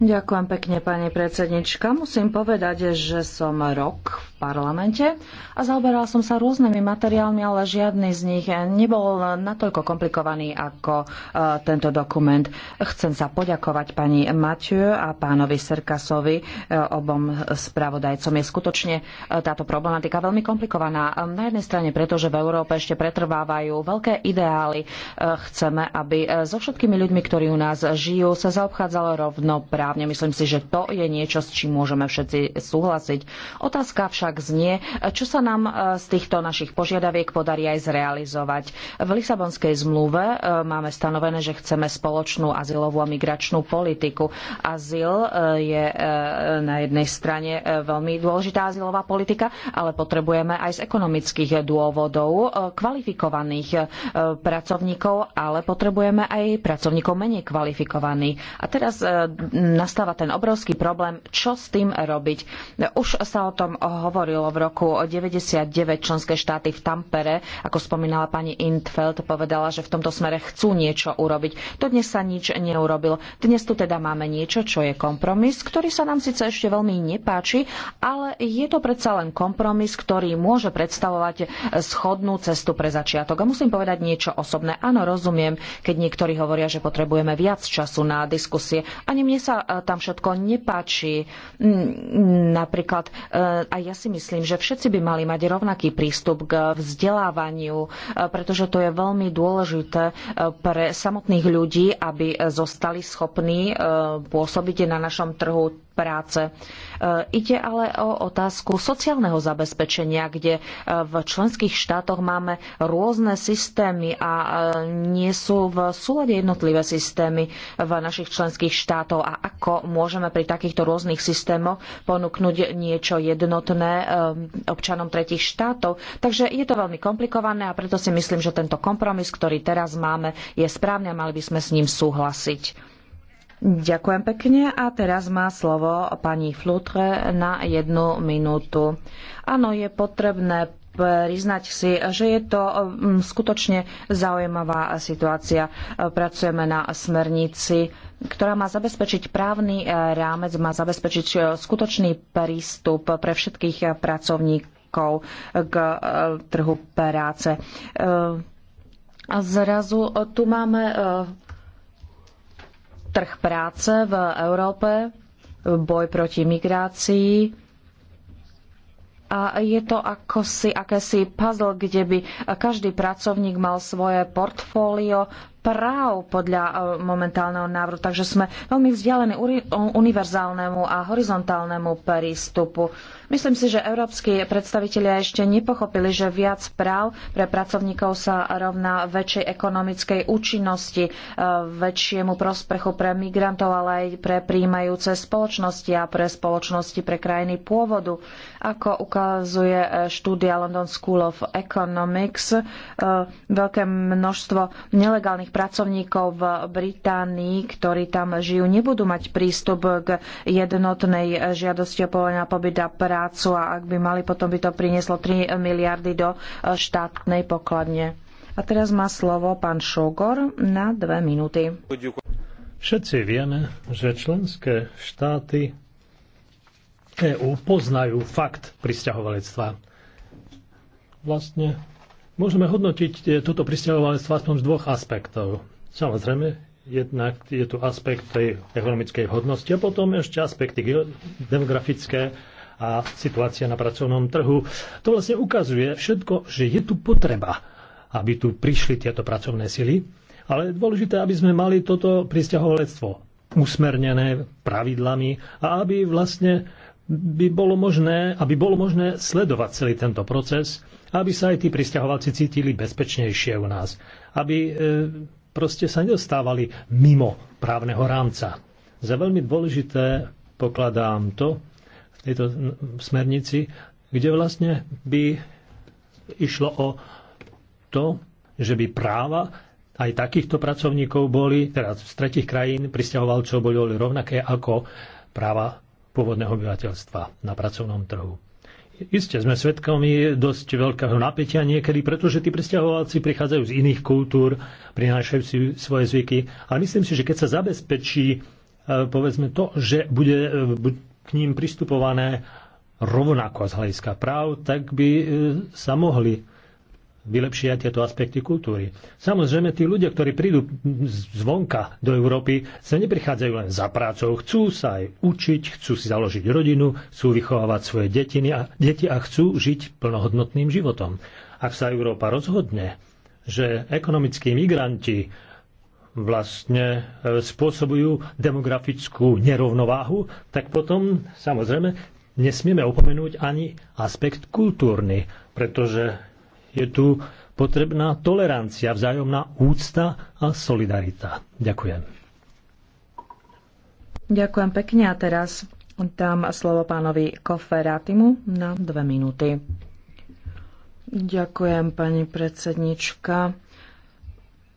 Ďakujem pekne, pani predsednička. Musím povedať, že som rok v parlamente a zaoberal som sa rôznymi materiálmi, ale žiadny z nich nebol natoľko komplikovaný ako e, tento dokument. Chcem sa poďakovať pani Matiu a pánovi Serkasovi, e, obom spravodajcom. Je skutočne e, táto problematika veľmi komplikovaná. Na jednej strane preto, že v Európe ešte pretrvávajú veľké ideály. Chceme, aby E, so všetkými ľuďmi, ktorí u nás žijú, sa zaobchádzalo rovnoprávne. Myslím si, že to je niečo, s čím môžeme všetci súhlasiť. Otázka však znie, čo sa nám e, z týchto našich požiadaviek podarí aj zrealizovať. V Lisabonskej zmluve e, máme stanovené, že chceme spoločnú azylovú a migračnú politiku. Azyl je na jednej strane veľmi dôležitá azylová politika, ale potrebujeme aj z ekonomických dôvodov kvalifikovaných pracovníkov, ale potrebujeme potrebujeme aj pracovníkov menej kvalifikovaných. A teraz e, nastáva ten obrovský problém, čo s tým robiť. Už sa o tom hovorilo v roku 99 členské štáty v Tampere, ako spomínala pani Intfeld, povedala, že v tomto smere chcú niečo urobiť. To dnes sa nič neurobil. Dnes tu teda máme niečo, čo je kompromis, ktorý sa nám síce ešte veľmi nepáči, ale je to predsa len kompromis, ktorý môže predstavovať schodnú cestu pre začiatok. A musím povedať niečo osobné. Áno, rozumiem, keď niektorí hovoria, že potrebujeme viac času na diskusie. Ani mne sa e, tam všetko nepáči. Mm, napríklad, e, a ja si myslím, že všetci by mali mať rovnaký prístup k vzdelávaniu, e, pretože to je veľmi dôležité pre samotných ľudí, aby zostali schopní pôsobiť na našom trhu práce. Ide ale o otázku sociálneho zabezpečenia, kde v členských štátoch máme rôzne systémy a nie sú v len jednotlivé systémy v našich členských štátoch a ako môžeme pri takýchto rôznych systémoch ponúknuť niečo jednotné um, občanom tretich štátov. Takže je to veľmi komplikované a preto si myslím, že tento kompromis, ktorý teraz máme, je správny a mali by sme s ním súhlasiť. Ďakujem pekne a teraz má slovo pani Flutre na jednu minútu. Áno, je potrebné priznať si, že je to mm, skutočne zaujímavá situácia. Pracujeme na smernici, ktorá má zabezpečiť právny e, rámec, má zabezpečiť e, skutočný prístup pre všetkých pracovníkov k e, trhu práce. A zrazu tu máme trh práce v Európe, boj proti migrácii, a je to akosi, akési puzzle, kde by každý pracovník mal svoje portfólio, práv podľa e, momentálneho návrhu, takže sme veľmi vzdialení univerzálnemu a horizontálnemu prístupu. Myslím si, že európsky predstavitelia ešte nepochopili, že viac práv pre pracovníkov sa rovná väčšej ekonomickej účinnosti, e, väčšiemu prospechu pre migrantov, ale aj pre príjmajúce spoločnosti a pre spoločnosti pre krajiny pôvodu. Ako ukazuje e, štúdia London School of Economics, veľké množstvo nelegálnych zahraničných pracovníkov v Británii, ktorí tam žijú, nebudú mať prístup k jednotnej žiadosti o povolenie na pobyt a prácu a ak by mali, potom by to prinieslo 3 miliardy do štátnej pokladne. A teraz má slovo pán Šogor na dve minúty. Všetci vieme, že členské štáty EÚ poznajú fakt pristahovalectva. Vlastne Môžeme hodnotiť e, toto pristahovalectvo aspoň z dvoch aspektov. Samozrejme, jednak je tu aspekt tej ekonomickej hodnosti a potom ešte aspekty demografické a situácia na pracovnom trhu. To vlastne ukazuje všetko, že je tu potreba, aby tu prišli tieto pracovné sily, ale je dôležité, aby sme mali toto pristahovalectvo usmernené pravidlami a aby vlastne by bolo možné, aby bolo možné sledovať celý tento proces aby sa aj tí pristahovalci cítili bezpečnejšie u nás. Aby e, proste sa nedostávali mimo právneho rámca. Za veľmi dôležité pokladám to v tejto smernici, kde vlastne by išlo o to, že by práva aj takýchto pracovníkov boli, teda z tretich krajín pristahovalcov boli rovnaké ako práva pôvodného obyvateľstva na pracovnom trhu. Isté sme svedkami dosť veľkého napätia niekedy, pretože tí pristahovalci prichádzajú z iných kultúr, prinášajú si svoje zvyky. Ale myslím si, že keď sa zabezpečí e, povedzme to, že bude e, k ním pristupované rovnako z hľadiska práv, tak by e, sa mohli vylepšia tieto aspekty kultúry. Samozrejme, tí ľudia, ktorí prídu zvonka do Európy, sa neprichádzajú len za prácou, chcú sa aj učiť, chcú si založiť rodinu, chcú vychovávať svoje detiny a, deti a chcú žiť plnohodnotným životom. Ak sa Európa rozhodne, že ekonomickí migranti vlastne e, spôsobujú demografickú nerovnováhu, tak potom samozrejme nesmieme opomenúť ani aspekt kultúrny, pretože je tu potrebná tolerancia, vzájomná úcta a solidarita. Ďakujem. Ďakujem pekne a teraz dám slovo pánovi Koferatimu na dve minúty. Ďakujem, pani predsednička.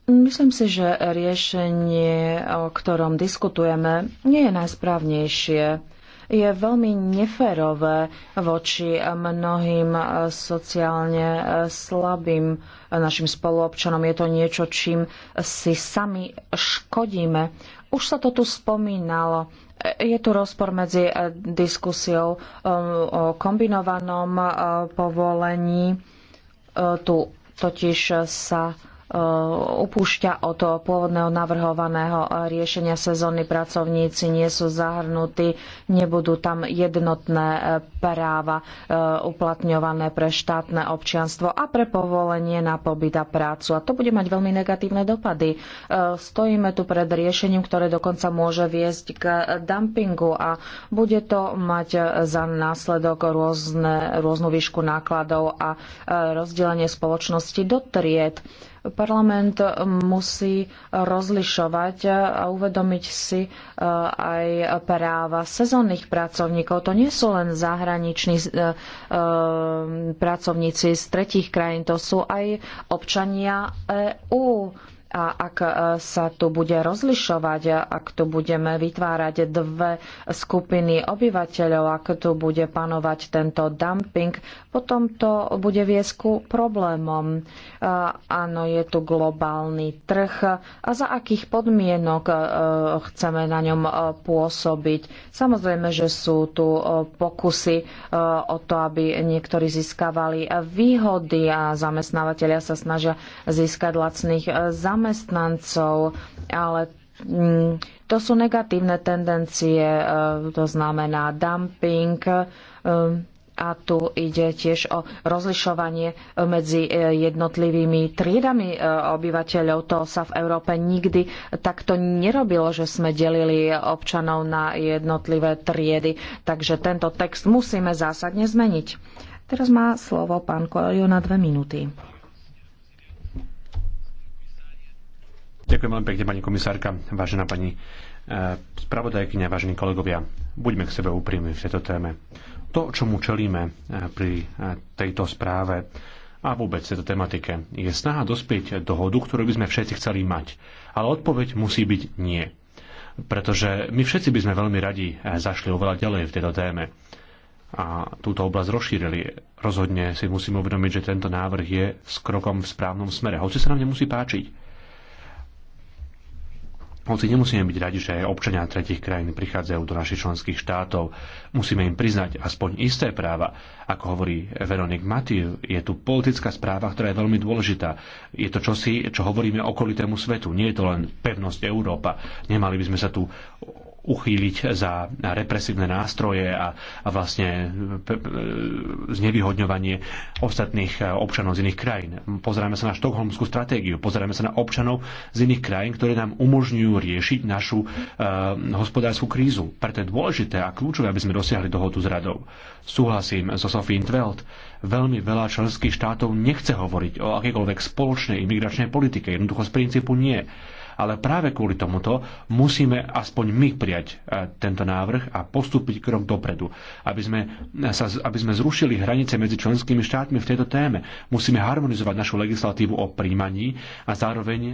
Myslím si, že riešenie, o ktorom diskutujeme, nie je najsprávnejšie je veľmi neférové voči mnohým eh, sociálne eh, slabým eh, našim spoluobčanom. Je to niečo, čím si sami škodíme. Už sa to tu spomínalo. Je tu rozpor medzi diskusiou o kombinovanom povolení. Tu totiž sa upúšťa eh, od pôvodného navrhovaného riešenia. Sezónni pracovníci nie sú zahrnutí, nebudú tam jednotné eh, práva eh, uplatňované pre štátne občianstvo a pre povolenie na pobyt a prácu. A to bude mať veľmi negatívne dopady. Stojíme tu pred riešením, ktoré dokonca môže viesť k dumpingu a bude to mať za následok rôzne, rôznu výšku nákladov a rozdelenie spoločnosti do tried. Parlament musí rozlišovať a uvedomiť si e, aj práva sezónnych pracovníkov. To nie sú len zahraniční e, e, pracovníci z tretích krajín, to sú aj občania EÚ. A ak e, sa tu bude rozlišovať, ak tu budeme vytvárať dve skupiny obyvateľov, ak tu bude panovať tento dumping, potom to bude viesť ku problémom. E, áno, je tu globálny trh a za akých podmienok e, chceme na ňom pôsobiť. Samozrejme, že sú tu pokusy o to, aby niektorí získavali výhody a zamestnávateľia sa snažia získať lacných zamestnávateľov zamestnancov, ale mm, to sú negatívne tendencie, e, to znamená dumping, e, a tu ide tiež o rozlišovanie medzi e, jednotlivými triedami obyvateľov. To sa v Európe nikdy takto nerobilo, že sme delili občanov na jednotlivé triedy. Takže tento text musíme zásadne zmeniť. Teraz má slovo pán Koelio na dve minúty. Ďakujem veľmi pekne, pani komisárka, vážená pani e, spravodajkynia, vážení kolegovia. Buďme k sebe úprimní v tejto téme. To, čomu čelíme e, pri e, tejto správe a vôbec tejto tematike, je snaha dospieť dohodu, ktorú by sme všetci chceli mať. Ale odpoveď musí byť nie. Pretože my všetci by sme veľmi radi zašli oveľa ďalej v tejto téme a túto oblasť rozšírili. Rozhodne si musíme uvedomiť, že tento návrh je s krokom v správnom smere, hoci sa nám nemusí páčiť hoci nemusíme byť radi, že aj občania tretich krajín prichádzajú do našich členských štátov, musíme im priznať aspoň isté práva. Ako hovorí Veronik Matiu, je tu politická správa, ktorá je veľmi dôležitá. Je to čosi, čo hovoríme okolitému svetu. Nie je to len pevnosť Európa. Nemali by sme sa tu uchýliť za represívne nástroje a, a vlastne znevýhodňovanie ostatných eh, občanov z iných krajín. Pozeráme sa na štokholmskú stratégiu, pozeráme sa na občanov z iných krajín, ktoré nám umožňujú riešiť našu e, hospodárskú krízu. Preto je dôležité a kľúčové, aby sme dosiahli dohodu s radou. Súhlasím so Sofín Tveld. Veľmi veľa členských štátov nechce hovoriť o akékoľvek spoločnej imigračnej politike. Jednoducho z princípu nie ale práve kvôli tomuto musíme aspoň my prijať e, tento návrh a postúpiť krok dopredu, aby sme, sa, aby sme zrušili hranice medzi členskými štátmi v tejto téme. Musíme harmonizovať našu legislatívu o príjmaní a zároveň e,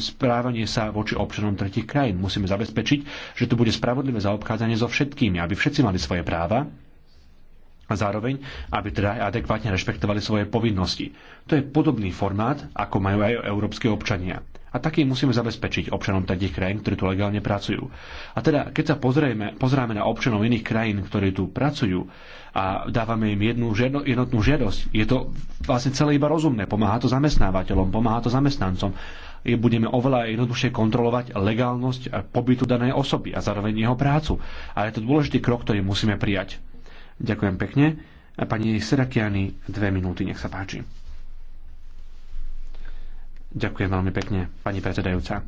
správanie sa voči občanom tretich krajín. Musíme zabezpečiť, že tu bude spravodlivé zaobchádzanie so všetkými, aby všetci mali svoje práva a zároveň, aby teda adekvátne rešpektovali svoje povinnosti. To je podobný formát, ako majú aj európske občania. A taký musíme zabezpečiť občanom takých krajín, ktorí tu legálne pracujú. A teda, keď sa pozrieme, pozrieme na občanov iných krajín, ktorí tu pracujú a dávame im jednu žiadno, jednotnú žiadosť, je to vlastne celé iba rozumné. Pomáha to zamestnávateľom, pomáha to zamestnancom budeme oveľa jednoduchšie kontrolovať legálnosť pobytu danej osoby a zároveň jeho prácu. A je to dôležitý krok, ktorý musíme prijať. Ďakujem pekne. Pani Serakiani, dve minúty, nech sa páči. Ďakujem veľmi pekne, pani predsedajúca.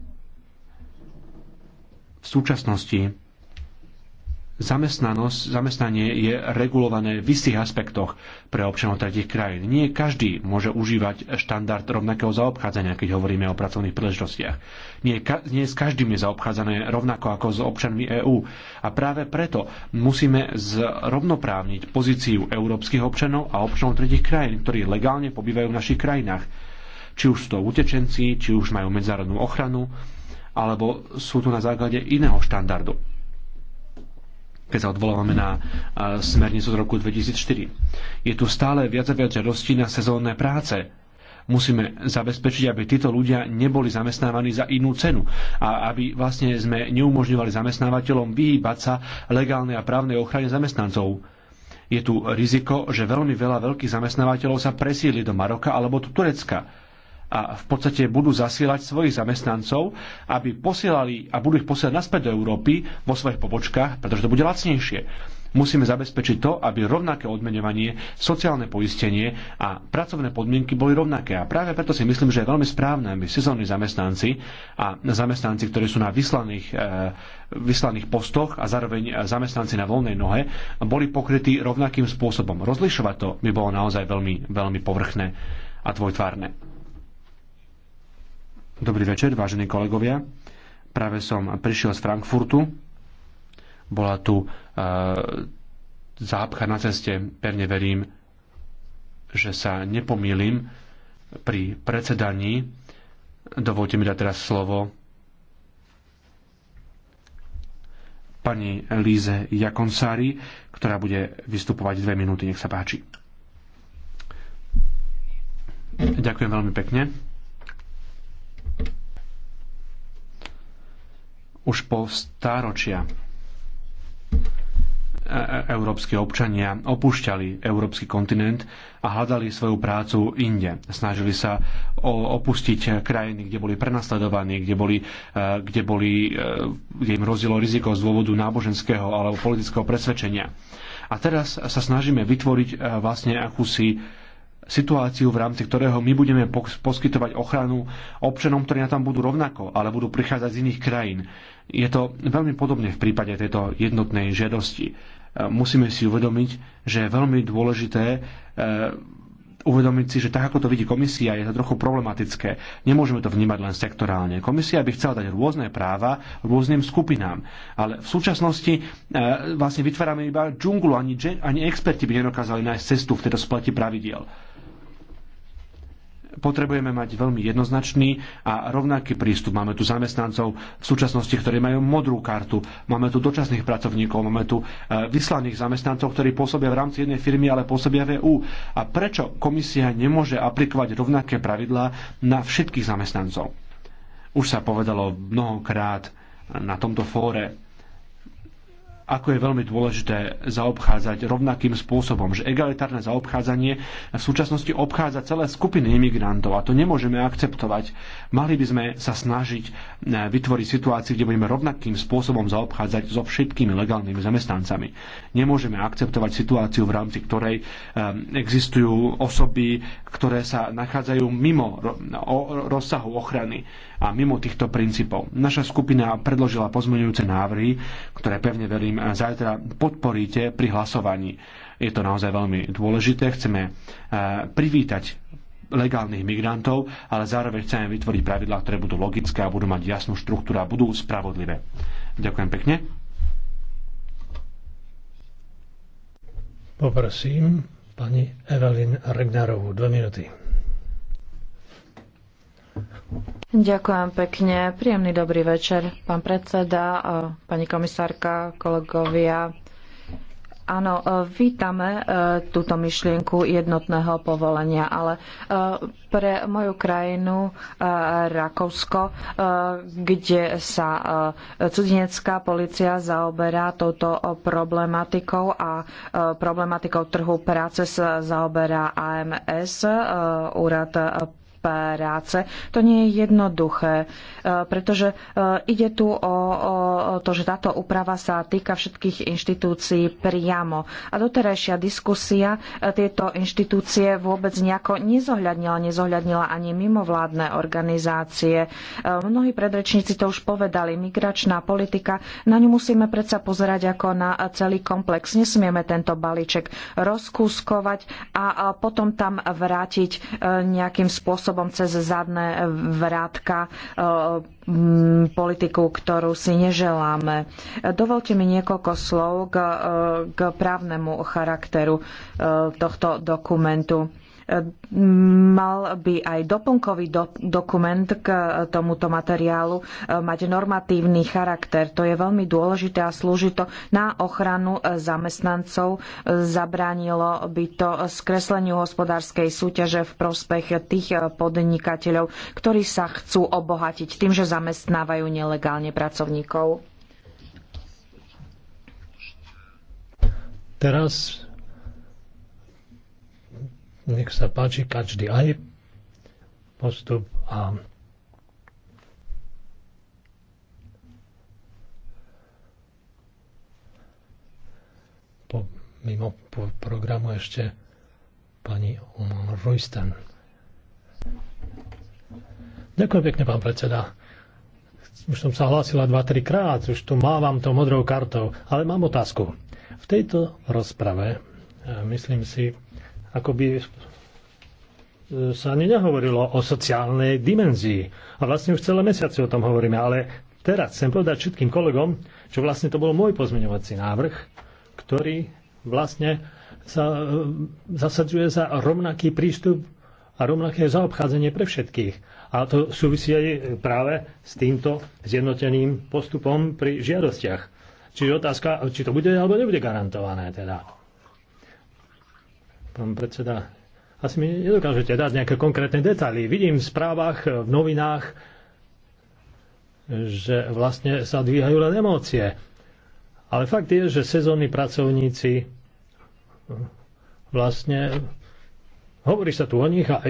V súčasnosti zamestnanosť, zamestnanie je regulované v istých aspektoch pre občanov tretich krajín. Nie každý môže užívať štandard rovnakého zaobchádzania, keď hovoríme o pracovných príležitostiach. Nie, ka- nie s každým je zaobchádzané rovnako ako s občanmi EÚ. A práve preto musíme zrovnoprávniť pozíciu európskych občanov a občanov tretich krajín, ktorí legálne pobývajú v našich krajinách či už sú to utečenci, či už majú medzárodnú ochranu, alebo sú tu na základe iného štandardu keď sa odvolávame na smernicu z roku 2004. Je tu stále viac a viac žiadostí na sezónne práce, musíme zabezpečiť, aby títo ľudia neboli zamestnávaní za inú cenu a aby vlastne sme neumožňovali zamestnávateľom vyhýbať sa legálnej a právnej ochrane zamestnancov. Je tu riziko, že veľmi veľa veľkých zamestnávateľov sa presídli do Maroka alebo do Turecka a v podstate budú zasielať svojich zamestnancov, aby posielali a budú ich posielať naspäť do Európy vo svojich pobočkách, pretože to bude lacnejšie. Musíme zabezpečiť to, aby rovnaké odmenovanie, sociálne poistenie a pracovné podmienky boli rovnaké. A práve preto si myslím, že je veľmi správne, aby sezónni zamestnanci a zamestnanci, ktorí sú na vyslaných, eh, vyslaných postoch a zároveň zamestnanci na voľnej nohe, boli pokrytí rovnakým spôsobom. Rozlišovať to by bolo naozaj veľmi, veľmi povrchné a dvojtvárne. Dobrý večer, vážení kolegovia. Práve som prišiel z Frankfurtu. Bola tu e, zápcha na ceste. Pevne verím, že sa nepomýlim pri predsedaní. Dovolte mi dať teraz slovo pani Líze Jakonsári, ktorá bude vystupovať dve minúty. Nech sa páči. Ďakujem veľmi pekne. už po stáročia. E, e, európske občania opúšťali európsky kontinent a hľadali svoju prácu inde. Snažili sa opustiť krajiny, kde boli prenasledovaní, kde, boli, e, kde, boli, kde im rozdielo riziko z dôvodu náboženského alebo politického presvedčenia. A teraz sa snažíme vytvoriť vlastne akúsi situáciu, v rámci ktorého my budeme poskytovať ochranu občanom, ktorí na tam budú rovnako, ale budú prichádzať z iných krajín. Je to veľmi podobné v prípade tejto jednotnej žiadosti. E, musíme si uvedomiť, že je veľmi dôležité e, uvedomiť si, že tak ako to vidí komisia, je to trochu problematické. Nemôžeme to vnímať len sektorálne. Komisia by chcela dať rôzne práva rôznym skupinám, ale v súčasnosti e, vlastne vytvárame iba džunglu, ani, ani experti by nedokázali nájsť cestu v tejto spleti pravidiel potrebujeme mať veľmi jednoznačný a rovnaký prístup. Máme tu zamestnancov v súčasnosti, ktorí majú modrú kartu, máme tu dočasných pracovníkov, máme tu eh, vyslaných zamestnancov, ktorí pôsobia v rámci jednej firmy, ale pôsobia v EU. A prečo komisia nemôže aplikovať rovnaké pravidlá na všetkých zamestnancov? Už sa povedalo mnohokrát na tomto fóre, ako je veľmi dôležité zaobchádzať rovnakým spôsobom, že egalitárne zaobchádzanie v súčasnosti obchádza celé skupiny imigrantov a to nemôžeme akceptovať. Mali by sme sa snažiť e, vytvoriť situáciu, kde budeme rovnakým spôsobom zaobchádzať so všetkými legálnymi zamestnancami. Nemôžeme akceptovať situáciu, v rámci ktorej e, existujú osoby, ktoré sa nachádzajú mimo rozsahu ochrany a mimo týchto princípov. Naša skupina predložila pozmeňujúce návrhy, ktoré pevne verím e, zajtra podporíte pri hlasovaní. Je to naozaj veľmi dôležité. Chceme e, privítať legálnych migrantov, ale zároveň chceme vytvoriť pravidlá, ktoré budú logické a budú mať jasnú štruktúru a budú spravodlivé. Ďakujem pekne. Poprosím pani Evelyn Regnárovú, dve minúty. Ďakujem pekne. Príjemný dobrý večer, pán predseda, pani komisárka, kolegovia. Áno, e, vítame e, túto myšlienku jednotného povolenia, ale e, pre moju krajinu Rakousko, kde sa cudzinecká policia zaoberá touto problematikou a problematikou trhu práce sa zaoberá AMS, úrad práce. To nie je jednoduché, e, pretože e, ide tu o to, že táto úprava sa týka všetkých inštitúcií priamo. A doterajšia diskusia e, tieto inštitúcie vôbec nejako nezohľadnila, nezohľadnila ani mimovládne organizácie. Mnohí predrečníci to už povedali, migračná politika, na ňu musíme predsa pozerať ako na celý komplex. Nesmieme tento balíček rozkúskovať a potom tam vrátiť nejakým spôsobom spôsobom cez zadné vrátka e, politiku, ktorú si neželáme. Dovolte mi niekoľko slov k, e, k právnemu charakteru e, tohto dokumentu. Mal by aj doplnkový do, dokument k tomuto materiálu eh, mať normatívny charakter. To je veľmi dôležité a slúži to na ochranu eh, zamestnancov. Zabránilo by to skresleniu hospodárskej súťaže v prospech tých eh, podnikateľov, ktorí sa chcú obohatiť tým, že zamestnávajú nelegálne pracovníkov. Teraz nech sa páči, každý aj postup a po, mimo po programu ešte pani Uman Rojsten. Ďakujem pekne, pán predseda. Už som sa hlásila 2-3 krát, už tu mávam to modrou kartou, ale mám otázku. V tejto rozprave, e, myslím si, ako by e, sa ani nehovorilo o sociálnej dimenzii. A vlastne už celé mesiace o tom hovoríme, ale teraz chcem povedať všetkým kolegom, čo vlastne to bol môj pozmeňovací návrh, ktorý vlastne sa e, zasadzuje za rovnaký prístup a rovnaké zaobchádzanie pre všetkých. A to súvisí aj práve s týmto zjednoteným postupom pri žiadostiach. Čiže otázka, či to bude alebo nebude garantované teda pán predseda. Asi mi nedokážete dať nejaké konkrétne detaily. Vidím v správach, v novinách, že vlastne sa dvíhajú len emócie. Ale fakt je, že sezónni pracovníci vlastne hovorí sa tu o nich a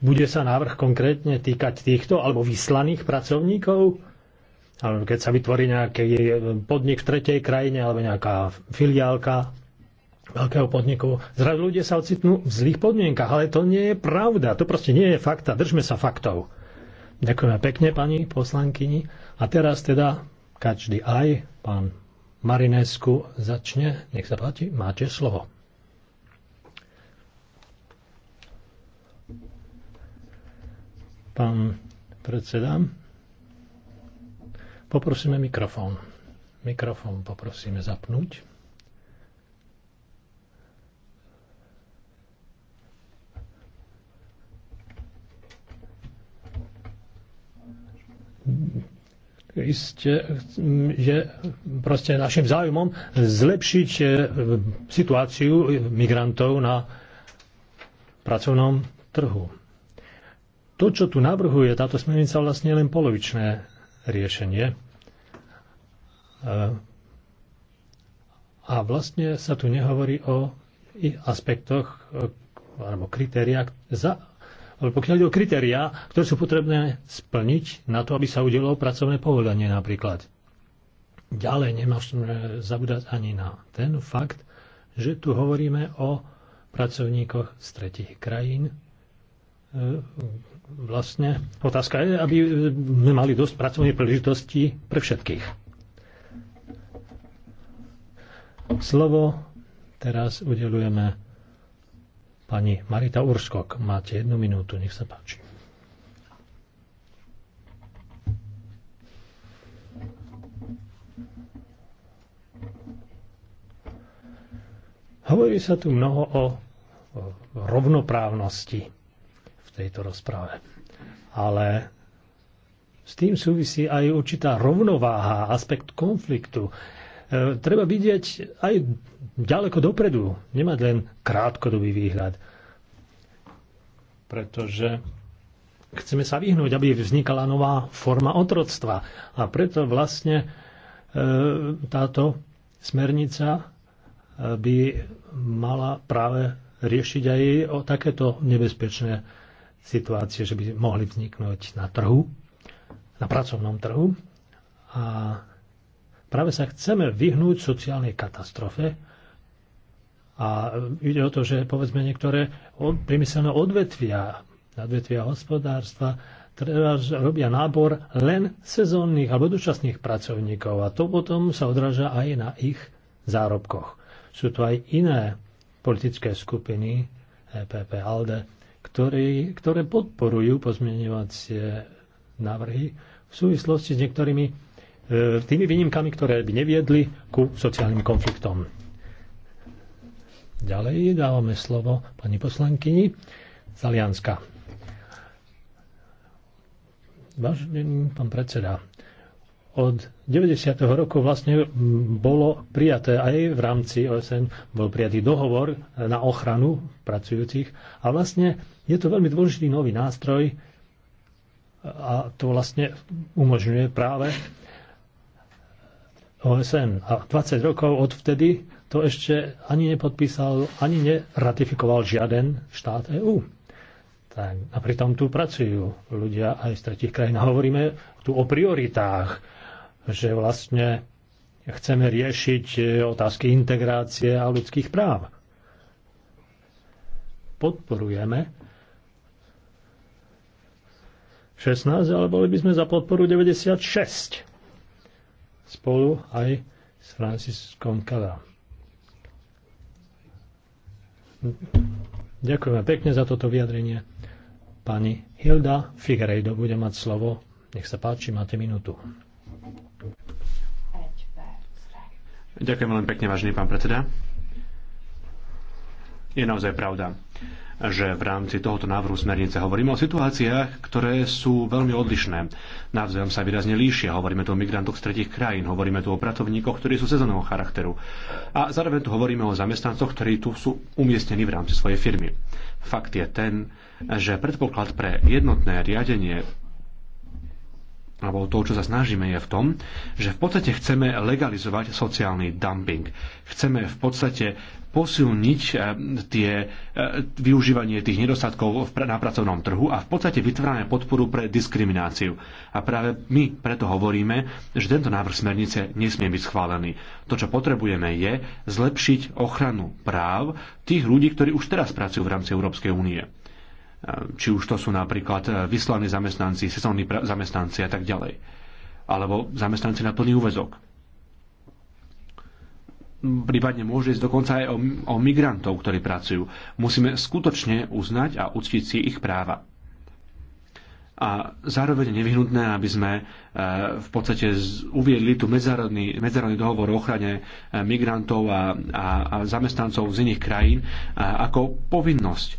bude sa návrh konkrétne týkať týchto alebo vyslaných pracovníkov. alebo keď sa vytvorí nejaký podnik v tretej krajine alebo nejaká filiálka, veľkého podniku. Zrazu ľudia sa ocitnú v zlých podmienkach, ale to nie je pravda. To proste nie je fakta. Držme sa faktov. Ďakujeme pekne, pani poslankyni. A teraz teda každý aj, pán Marinesku začne. Nech sa páči, máte slovo. Pán predseda, poprosíme mikrofón. Mikrofón poprosíme zapnúť. iste, je proste našim záujmom zlepšiť e, situáciu migrantov na pracovnom trhu. To, čo tu navrhuje táto smernica, vlastne je len polovičné riešenie. E, a vlastne sa tu nehovorí o aspektoch e, alebo kritériách, za ale pokiaľ ide o kritériá, ktoré sú potrebné splniť na to, aby sa udelilo pracovné povolenie napríklad. Ďalej nemáme zabúdať ani na ten fakt, že tu hovoríme o pracovníkoch z tretich krajín. E, vlastne otázka je, aby sme mali dosť pracovných príležitostí pre všetkých. Slovo teraz udelujeme Pani Marita Urskok, máte jednu minútu, nech sa páči. Hovorí sa tu mnoho o rovnoprávnosti v tejto rozprave. Ale s tým súvisí aj určitá rovnováha, aspekt konfliktu. E, treba vidieť aj ďaleko dopredu, nemať len krátkodobý výhľad. Pretože chceme sa vyhnúť, aby vznikala nová forma otroctva. A preto vlastne e, táto smernica e, by mala práve riešiť aj o takéto nebezpečné situácie, že by mohli vzniknúť na trhu, na pracovnom trhu. A Práve sa chceme vyhnúť sociálnej katastrofe a ide o to, že povedzme niektoré priemyselné odvetvia, odvetvia hospodárstva, treba robia nábor len sezónnych alebo dočasných pracovníkov a to potom sa odráža aj na ich zárobkoch. Sú tu aj iné politické skupiny, EPP, ALDE, ktorý, ktoré podporujú pozmeňovacie návrhy v súvislosti s niektorými E, tými výnimkami, ktoré by neviedli ku sociálnym konfliktom. Ďalej dávame slovo pani poslankyni Zalianska. Vážený pán predseda, od 90. roku vlastne bolo prijaté aj v rámci OSN bol prijatý dohovor na ochranu pracujúcich a vlastne je to veľmi dôležitý nový nástroj a to vlastne umožňuje práve OSN. A 20 rokov od vtedy to ešte ani nepodpísal, ani neratifikoval žiaden štát EÚ. Tak, a pritom tu pracujú ľudia aj z tretich krajín. Hovoríme tu o prioritách, že vlastne chceme riešiť e, otázky integrácie a ľudských práv. Podporujeme 16, ale boli by sme za podporu 96 spolu aj s Franciskom Kala. Ďakujeme pekne za toto vyjadrenie. Pani Hilda Figueiredo bude mať slovo. Nech sa páči, máte minútu. Ďakujem veľmi pekne, vážený pán predseda. Je naozaj pravda že v rámci tohoto návrhu smernice hovoríme o situáciách, ktoré sú veľmi odlišné. Navzájom sa výrazne líšia. Hovoríme tu o migrantoch z tretich krajín, hovoríme tu o pracovníkoch, ktorí sú sezónneho charakteru. A zároveň tu hovoríme o zamestnancoch, ktorí tu sú umiestnení v rámci svojej firmy. Fakt je ten, že predpoklad pre jednotné riadenie alebo to, čo sa snažíme, je v tom, že v podstate chceme legalizovať sociálny dumping. Chceme v podstate posilniť eh, tie, eh, využívanie tých nedostatkov na pracovnom trhu a v podstate vytvárame podporu pre diskrimináciu. A práve my preto hovoríme, že tento návrh smernice nesmie byť schválený. To, čo potrebujeme, je zlepšiť ochranu práv tých ľudí, ktorí už teraz pracujú v rámci Európskej únie či už to sú napríklad e, vyslaní zamestnanci, sezónni zamestnanci a tak ďalej, alebo zamestnanci na plný úvezok. Prípadne môže ísť dokonca aj o, o migrantov, ktorí pracujú. Musíme skutočne uznať a uctiť si ich práva a zároveň je nevyhnutné, aby sme e, v podstate uviedli tu medzárodný, medzárodný dohovor o ochrane e, migrantov a, a, a zamestnancov z iných krajín ako povinnosť.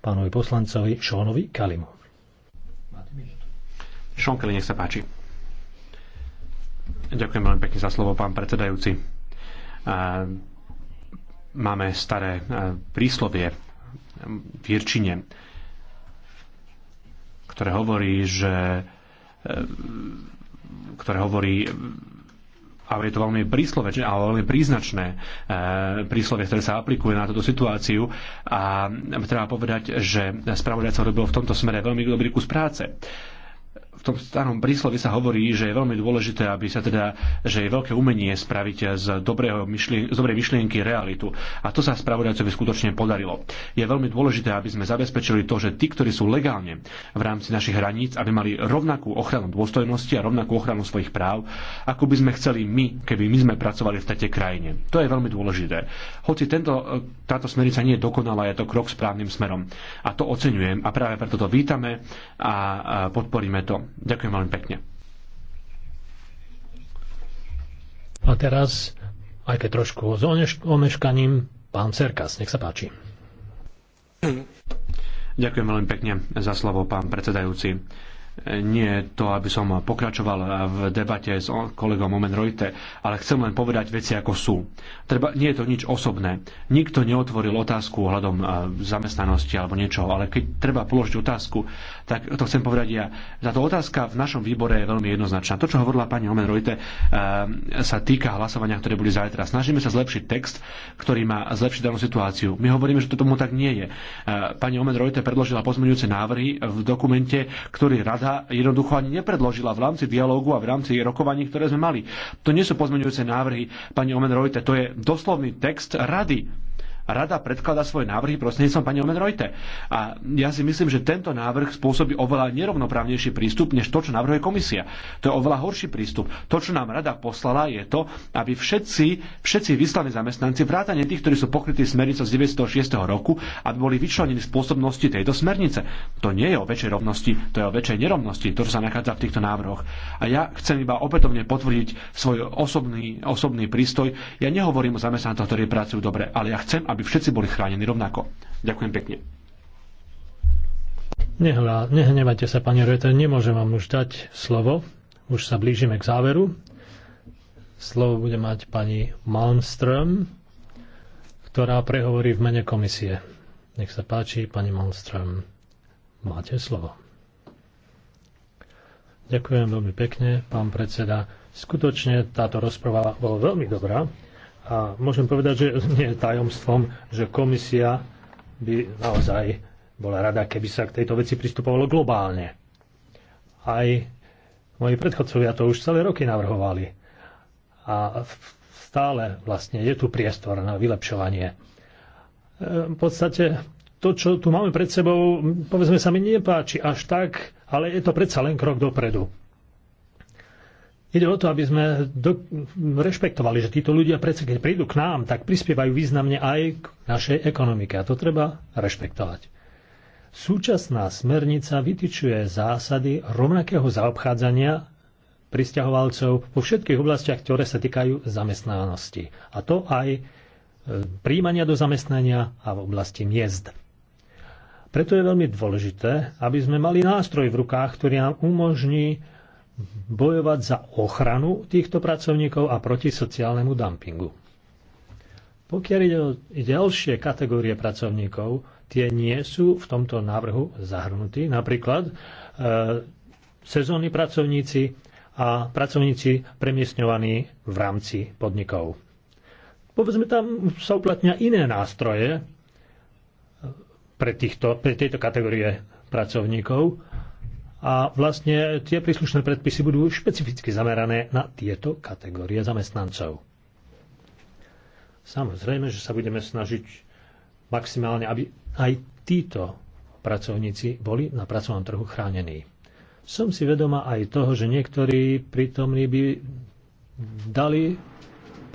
pánovi poslancovi Šónovi Kalimu. Šón Kelly, nech sa páči. Ďakujem veľmi pekne za slovo, pán predsedajúci. Máme staré príslovie v Irčine, ktoré hovorí, že e, ktoré hovorí a je to veľmi príslovečné, ale veľmi príznačné e, príslovie, ktoré sa aplikuje na túto situáciu a treba povedať, že spravodajca robil v tomto smere veľmi dobrý kus práce v tom starom príslove sa hovorí, že je veľmi dôležité, aby sa teda, že je veľké umenie spraviť z, dobrého myšlien- z dobrej myšlienky realitu. A to sa spravodajcovi skutočne podarilo. Je veľmi dôležité, aby sme zabezpečili to, že tí, ktorí sú legálne v rámci našich hraníc, aby mali rovnakú ochranu dôstojnosti a rovnakú ochranu svojich práv, ako by sme chceli my, keby my sme pracovali v tejto krajine. To je veľmi dôležité. Hoci tento, táto smernica nie je dokonalá, je to krok správnym smerom. A to oceňujem a práve preto to vítame a podporíme to. Ďakujem veľmi pekne. A teraz, aj keď trošku s omeškaním, pán Cerkas, nech sa páči. Ďakujem veľmi pekne za slovo, pán predsedajúci nie to, aby som pokračoval v debate s kolegom Omen Rojte, ale chcem len povedať veci, ako sú. Treba, nie je to nič osobné. Nikto neotvoril otázku ohľadom e, zamestnanosti alebo niečoho, ale keď treba položiť otázku, tak to chcem povedať ja. Táto otázka v našom výbore je veľmi jednoznačná. To, čo hovorila pani Omen Rojte, e, sa týka hlasovania, ktoré boli zajtra. Snažíme sa zlepšiť text, ktorý má zlepšiť danú situáciu. My hovoríme, že to tomu tak nie je. E, pani Omen Rojte predložila pozmeňujúce návrhy v dokumente, ktorý rada sa jednoducho ani nepredložila v rámci dialógu a v rámci rokovaní, ktoré sme mali. To nie sú pozmeňujúce návrhy, pani Omen Rojte, to je doslovný text rady rada predkladá svoje návrhy prostredníctvom pani Omen Rojte. A ja si myslím, že tento návrh spôsobí oveľa nerovnoprávnejší prístup, než to, čo navrhuje komisia. To je oveľa horší prístup. To, čo nám rada poslala, je to, aby všetci, všetci vyslaní zamestnanci, vrátane tých, ktorí sú pokrytí smernicou z 906. roku, aby boli vyčlenení z pôsobnosti tejto smernice. To nie je o väčšej rovnosti, to je o väčšej nerovnosti, to, čo sa nachádza v týchto návrhoch. A ja chcem iba opätovne potvrdiť svoj osobný, osobný prístoj. Ja nehovorím o zamestnancoch, ktorí pracujú dobre, ale ja chcem, aby aby všetci boli chránení rovnako. Ďakujem pekne. nehnevajte sa, pani Rete, nemôžem vám už dať slovo. Už sa blížime k záveru. Slovo bude mať pani Malmström, ktorá prehovorí v mene komisie. Nech sa páči, pani Malmström, máte slovo. Ďakujem veľmi pekne, pán predseda. Skutočne táto rozpráva bola veľmi dobrá. A môžem povedať, že nie je tajomstvom, že komisia by naozaj bola rada, keby sa k tejto veci pristupovalo globálne. Aj moji predchodcovia to už celé roky navrhovali. A stále vlastne je tu priestor na vylepšovanie. E, v podstate to, čo tu máme pred sebou, povedzme sa mi, nepáči až tak, ale je to predsa len krok dopredu. Ide o to, aby sme do, rešpektovali, že títo ľudia predsa, keď prídu k nám, tak prispievajú významne aj k našej ekonomike. A to treba rešpektovať. Súčasná smernica vytyčuje zásady rovnakého zaobchádzania pristahovalcov vo všetkých oblastiach, ktoré sa týkajú zamestnanosti. A to aj e, príjmania do zamestnania a v oblasti miest. Preto je veľmi dôležité, aby sme mali nástroj v rukách, ktorý nám umožní bojovať za ochranu týchto pracovníkov a proti sociálnemu dumpingu. Pokiaľ ide o ďalšie kategórie pracovníkov, tie nie sú v tomto návrhu zahrnutí. Napríklad e, sezónni pracovníci a pracovníci premiesňovaní v rámci podnikov. Povedzme, tam sa uplatňa iné nástroje pre, týchto, pre tejto kategórie pracovníkov a vlastne tie príslušné predpisy budú špecificky zamerané na tieto kategórie zamestnancov. Samozrejme, že sa budeme snažiť maximálne, aby aj títo pracovníci boli na pracovnom trhu chránení. Som si vedoma aj toho, že niektorí prítomní by dali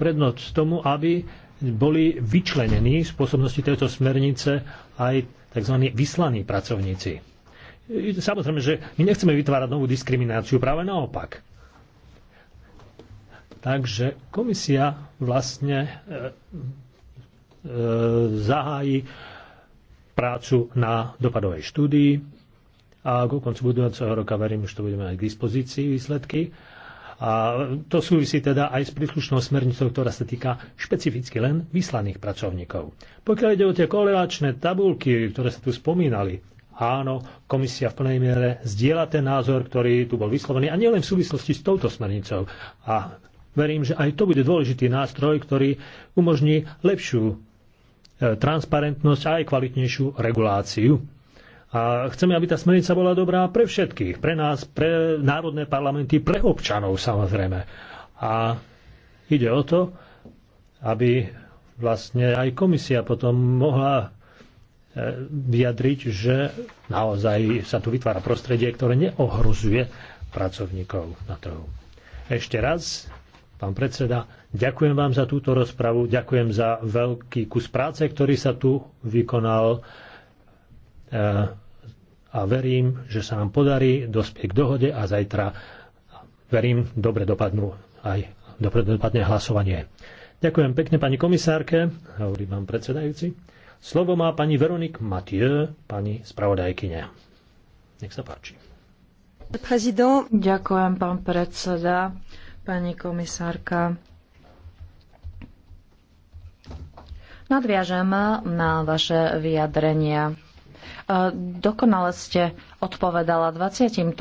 prednosť tomu, aby boli vyčlenení z pôsobnosti tejto smernice aj tzv. vyslaní pracovníci Samozrejme, že my nechceme vytvárať novú diskrimináciu, práve naopak. Takže komisia vlastne e, e, zahájí prácu na dopadovej štúdii a ku koncu budúceho roka verím, že to budeme mať k dispozícii výsledky. A to súvisí teda aj s príslušnou smernicou, ktorá sa týka špecificky len vyslaných pracovníkov. Pokiaľ ide o tie korelačné tabulky, ktoré sa tu spomínali, áno, komisia v plnej miere zdieľa ten názor, ktorý tu bol vyslovený a nielen v súvislosti s touto smernicou. A verím, že aj to bude dôležitý nástroj, ktorý umožní lepšiu e, transparentnosť a aj kvalitnejšiu reguláciu. A chceme, aby tá smernica bola dobrá pre všetkých, pre nás, pre národné parlamenty, pre občanov samozrejme. A ide o to, aby vlastne aj komisia potom mohla vyjadriť, že naozaj sa tu vytvára prostredie, ktoré neohrozuje pracovníkov na trhu. Ešte raz, pán predseda, ďakujem vám za túto rozpravu, ďakujem za veľký kus práce, ktorý sa tu vykonal e, a verím, že sa nám podarí dospieť k dohode a zajtra verím, dobre dopadnú aj dobre dopadne hlasovanie. Ďakujem pekne pani komisárke, hovorí vám predsedajúci. Slovo má pani Veronik Mathieu, pani spravodajkyňa. Nech sa páči. Prezident. Ďakujem, pán predseda, pani komisárka. Nadviažem na vaše vyjadrenia. Dokonale ste odpovedala 23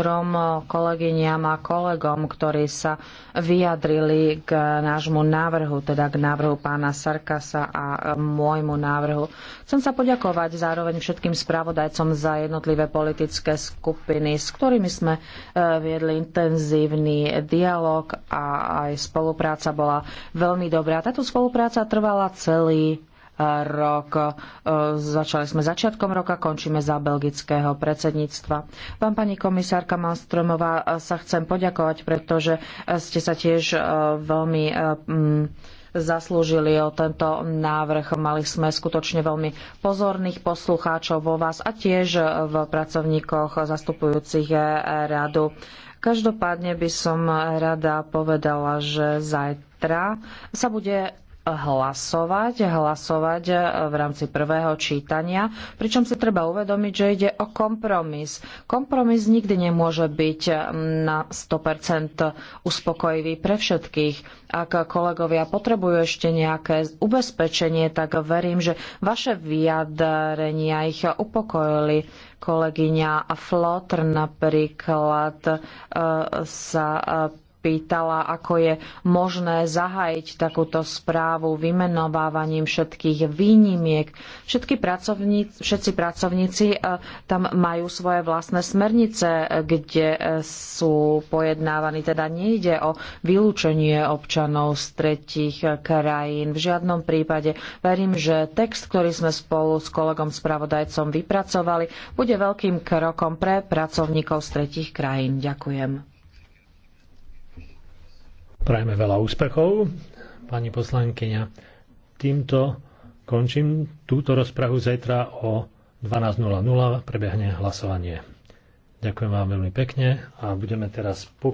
kolegyňam a kolegom, ktorí sa vyjadrili k nášmu návrhu, teda k návrhu pána Sarkasa a môjmu návrhu. Chcem sa poďakovať zároveň všetkým spravodajcom za jednotlivé politické skupiny, s ktorými sme e, viedli intenzívny dialog a aj spolupráca bola veľmi dobrá. Táto spolupráca trvala celý rok. E, začali sme začiatkom roka, končíme za belgického predsedníctva. Vám, pani komisárka Malstromová, e, sa chcem poďakovať, pretože ste sa tiež e, veľmi zaslúžili o tento návrh. Mali sme skutočne veľmi pozorných poslucháčov vo vás a tiež v pracovníkoch zastupujúcich radu. Každopádne by som rada povedala, že zajtra sa bude hlasovať, hlasovať eh, v rámci prvého čítania, pričom si treba uvedomiť, že ide o kompromis. Kompromis nikdy nemôže byť eh, na 100% uspokojivý pre všetkých. Ak kolegovia potrebujú ešte nejaké ubezpečenie, tak verím, že vaše vyjadrenia ich upokojili kolegyňa Flotr napríklad eh, sa pýtala, ako je možné zahájiť takúto správu vymenovávaním všetkých výnimiek. Všetky pracovníci, všetci pracovníci e, tam majú svoje vlastné smernice, e, kde e, sú pojednávaní. Teda nejde o vylúčenie občanov z tretich krajín. V žiadnom prípade verím, že text, ktorý sme spolu s kolegom spravodajcom vypracovali, bude veľkým krokom pre pracovníkov z tretich krajín. Ďakujem. Prajme veľa úspechov, pani poslankyňa. Týmto končím túto rozprahu zajtra o 12.00 prebehne hlasovanie. Ďakujem vám veľmi pekne a budeme teraz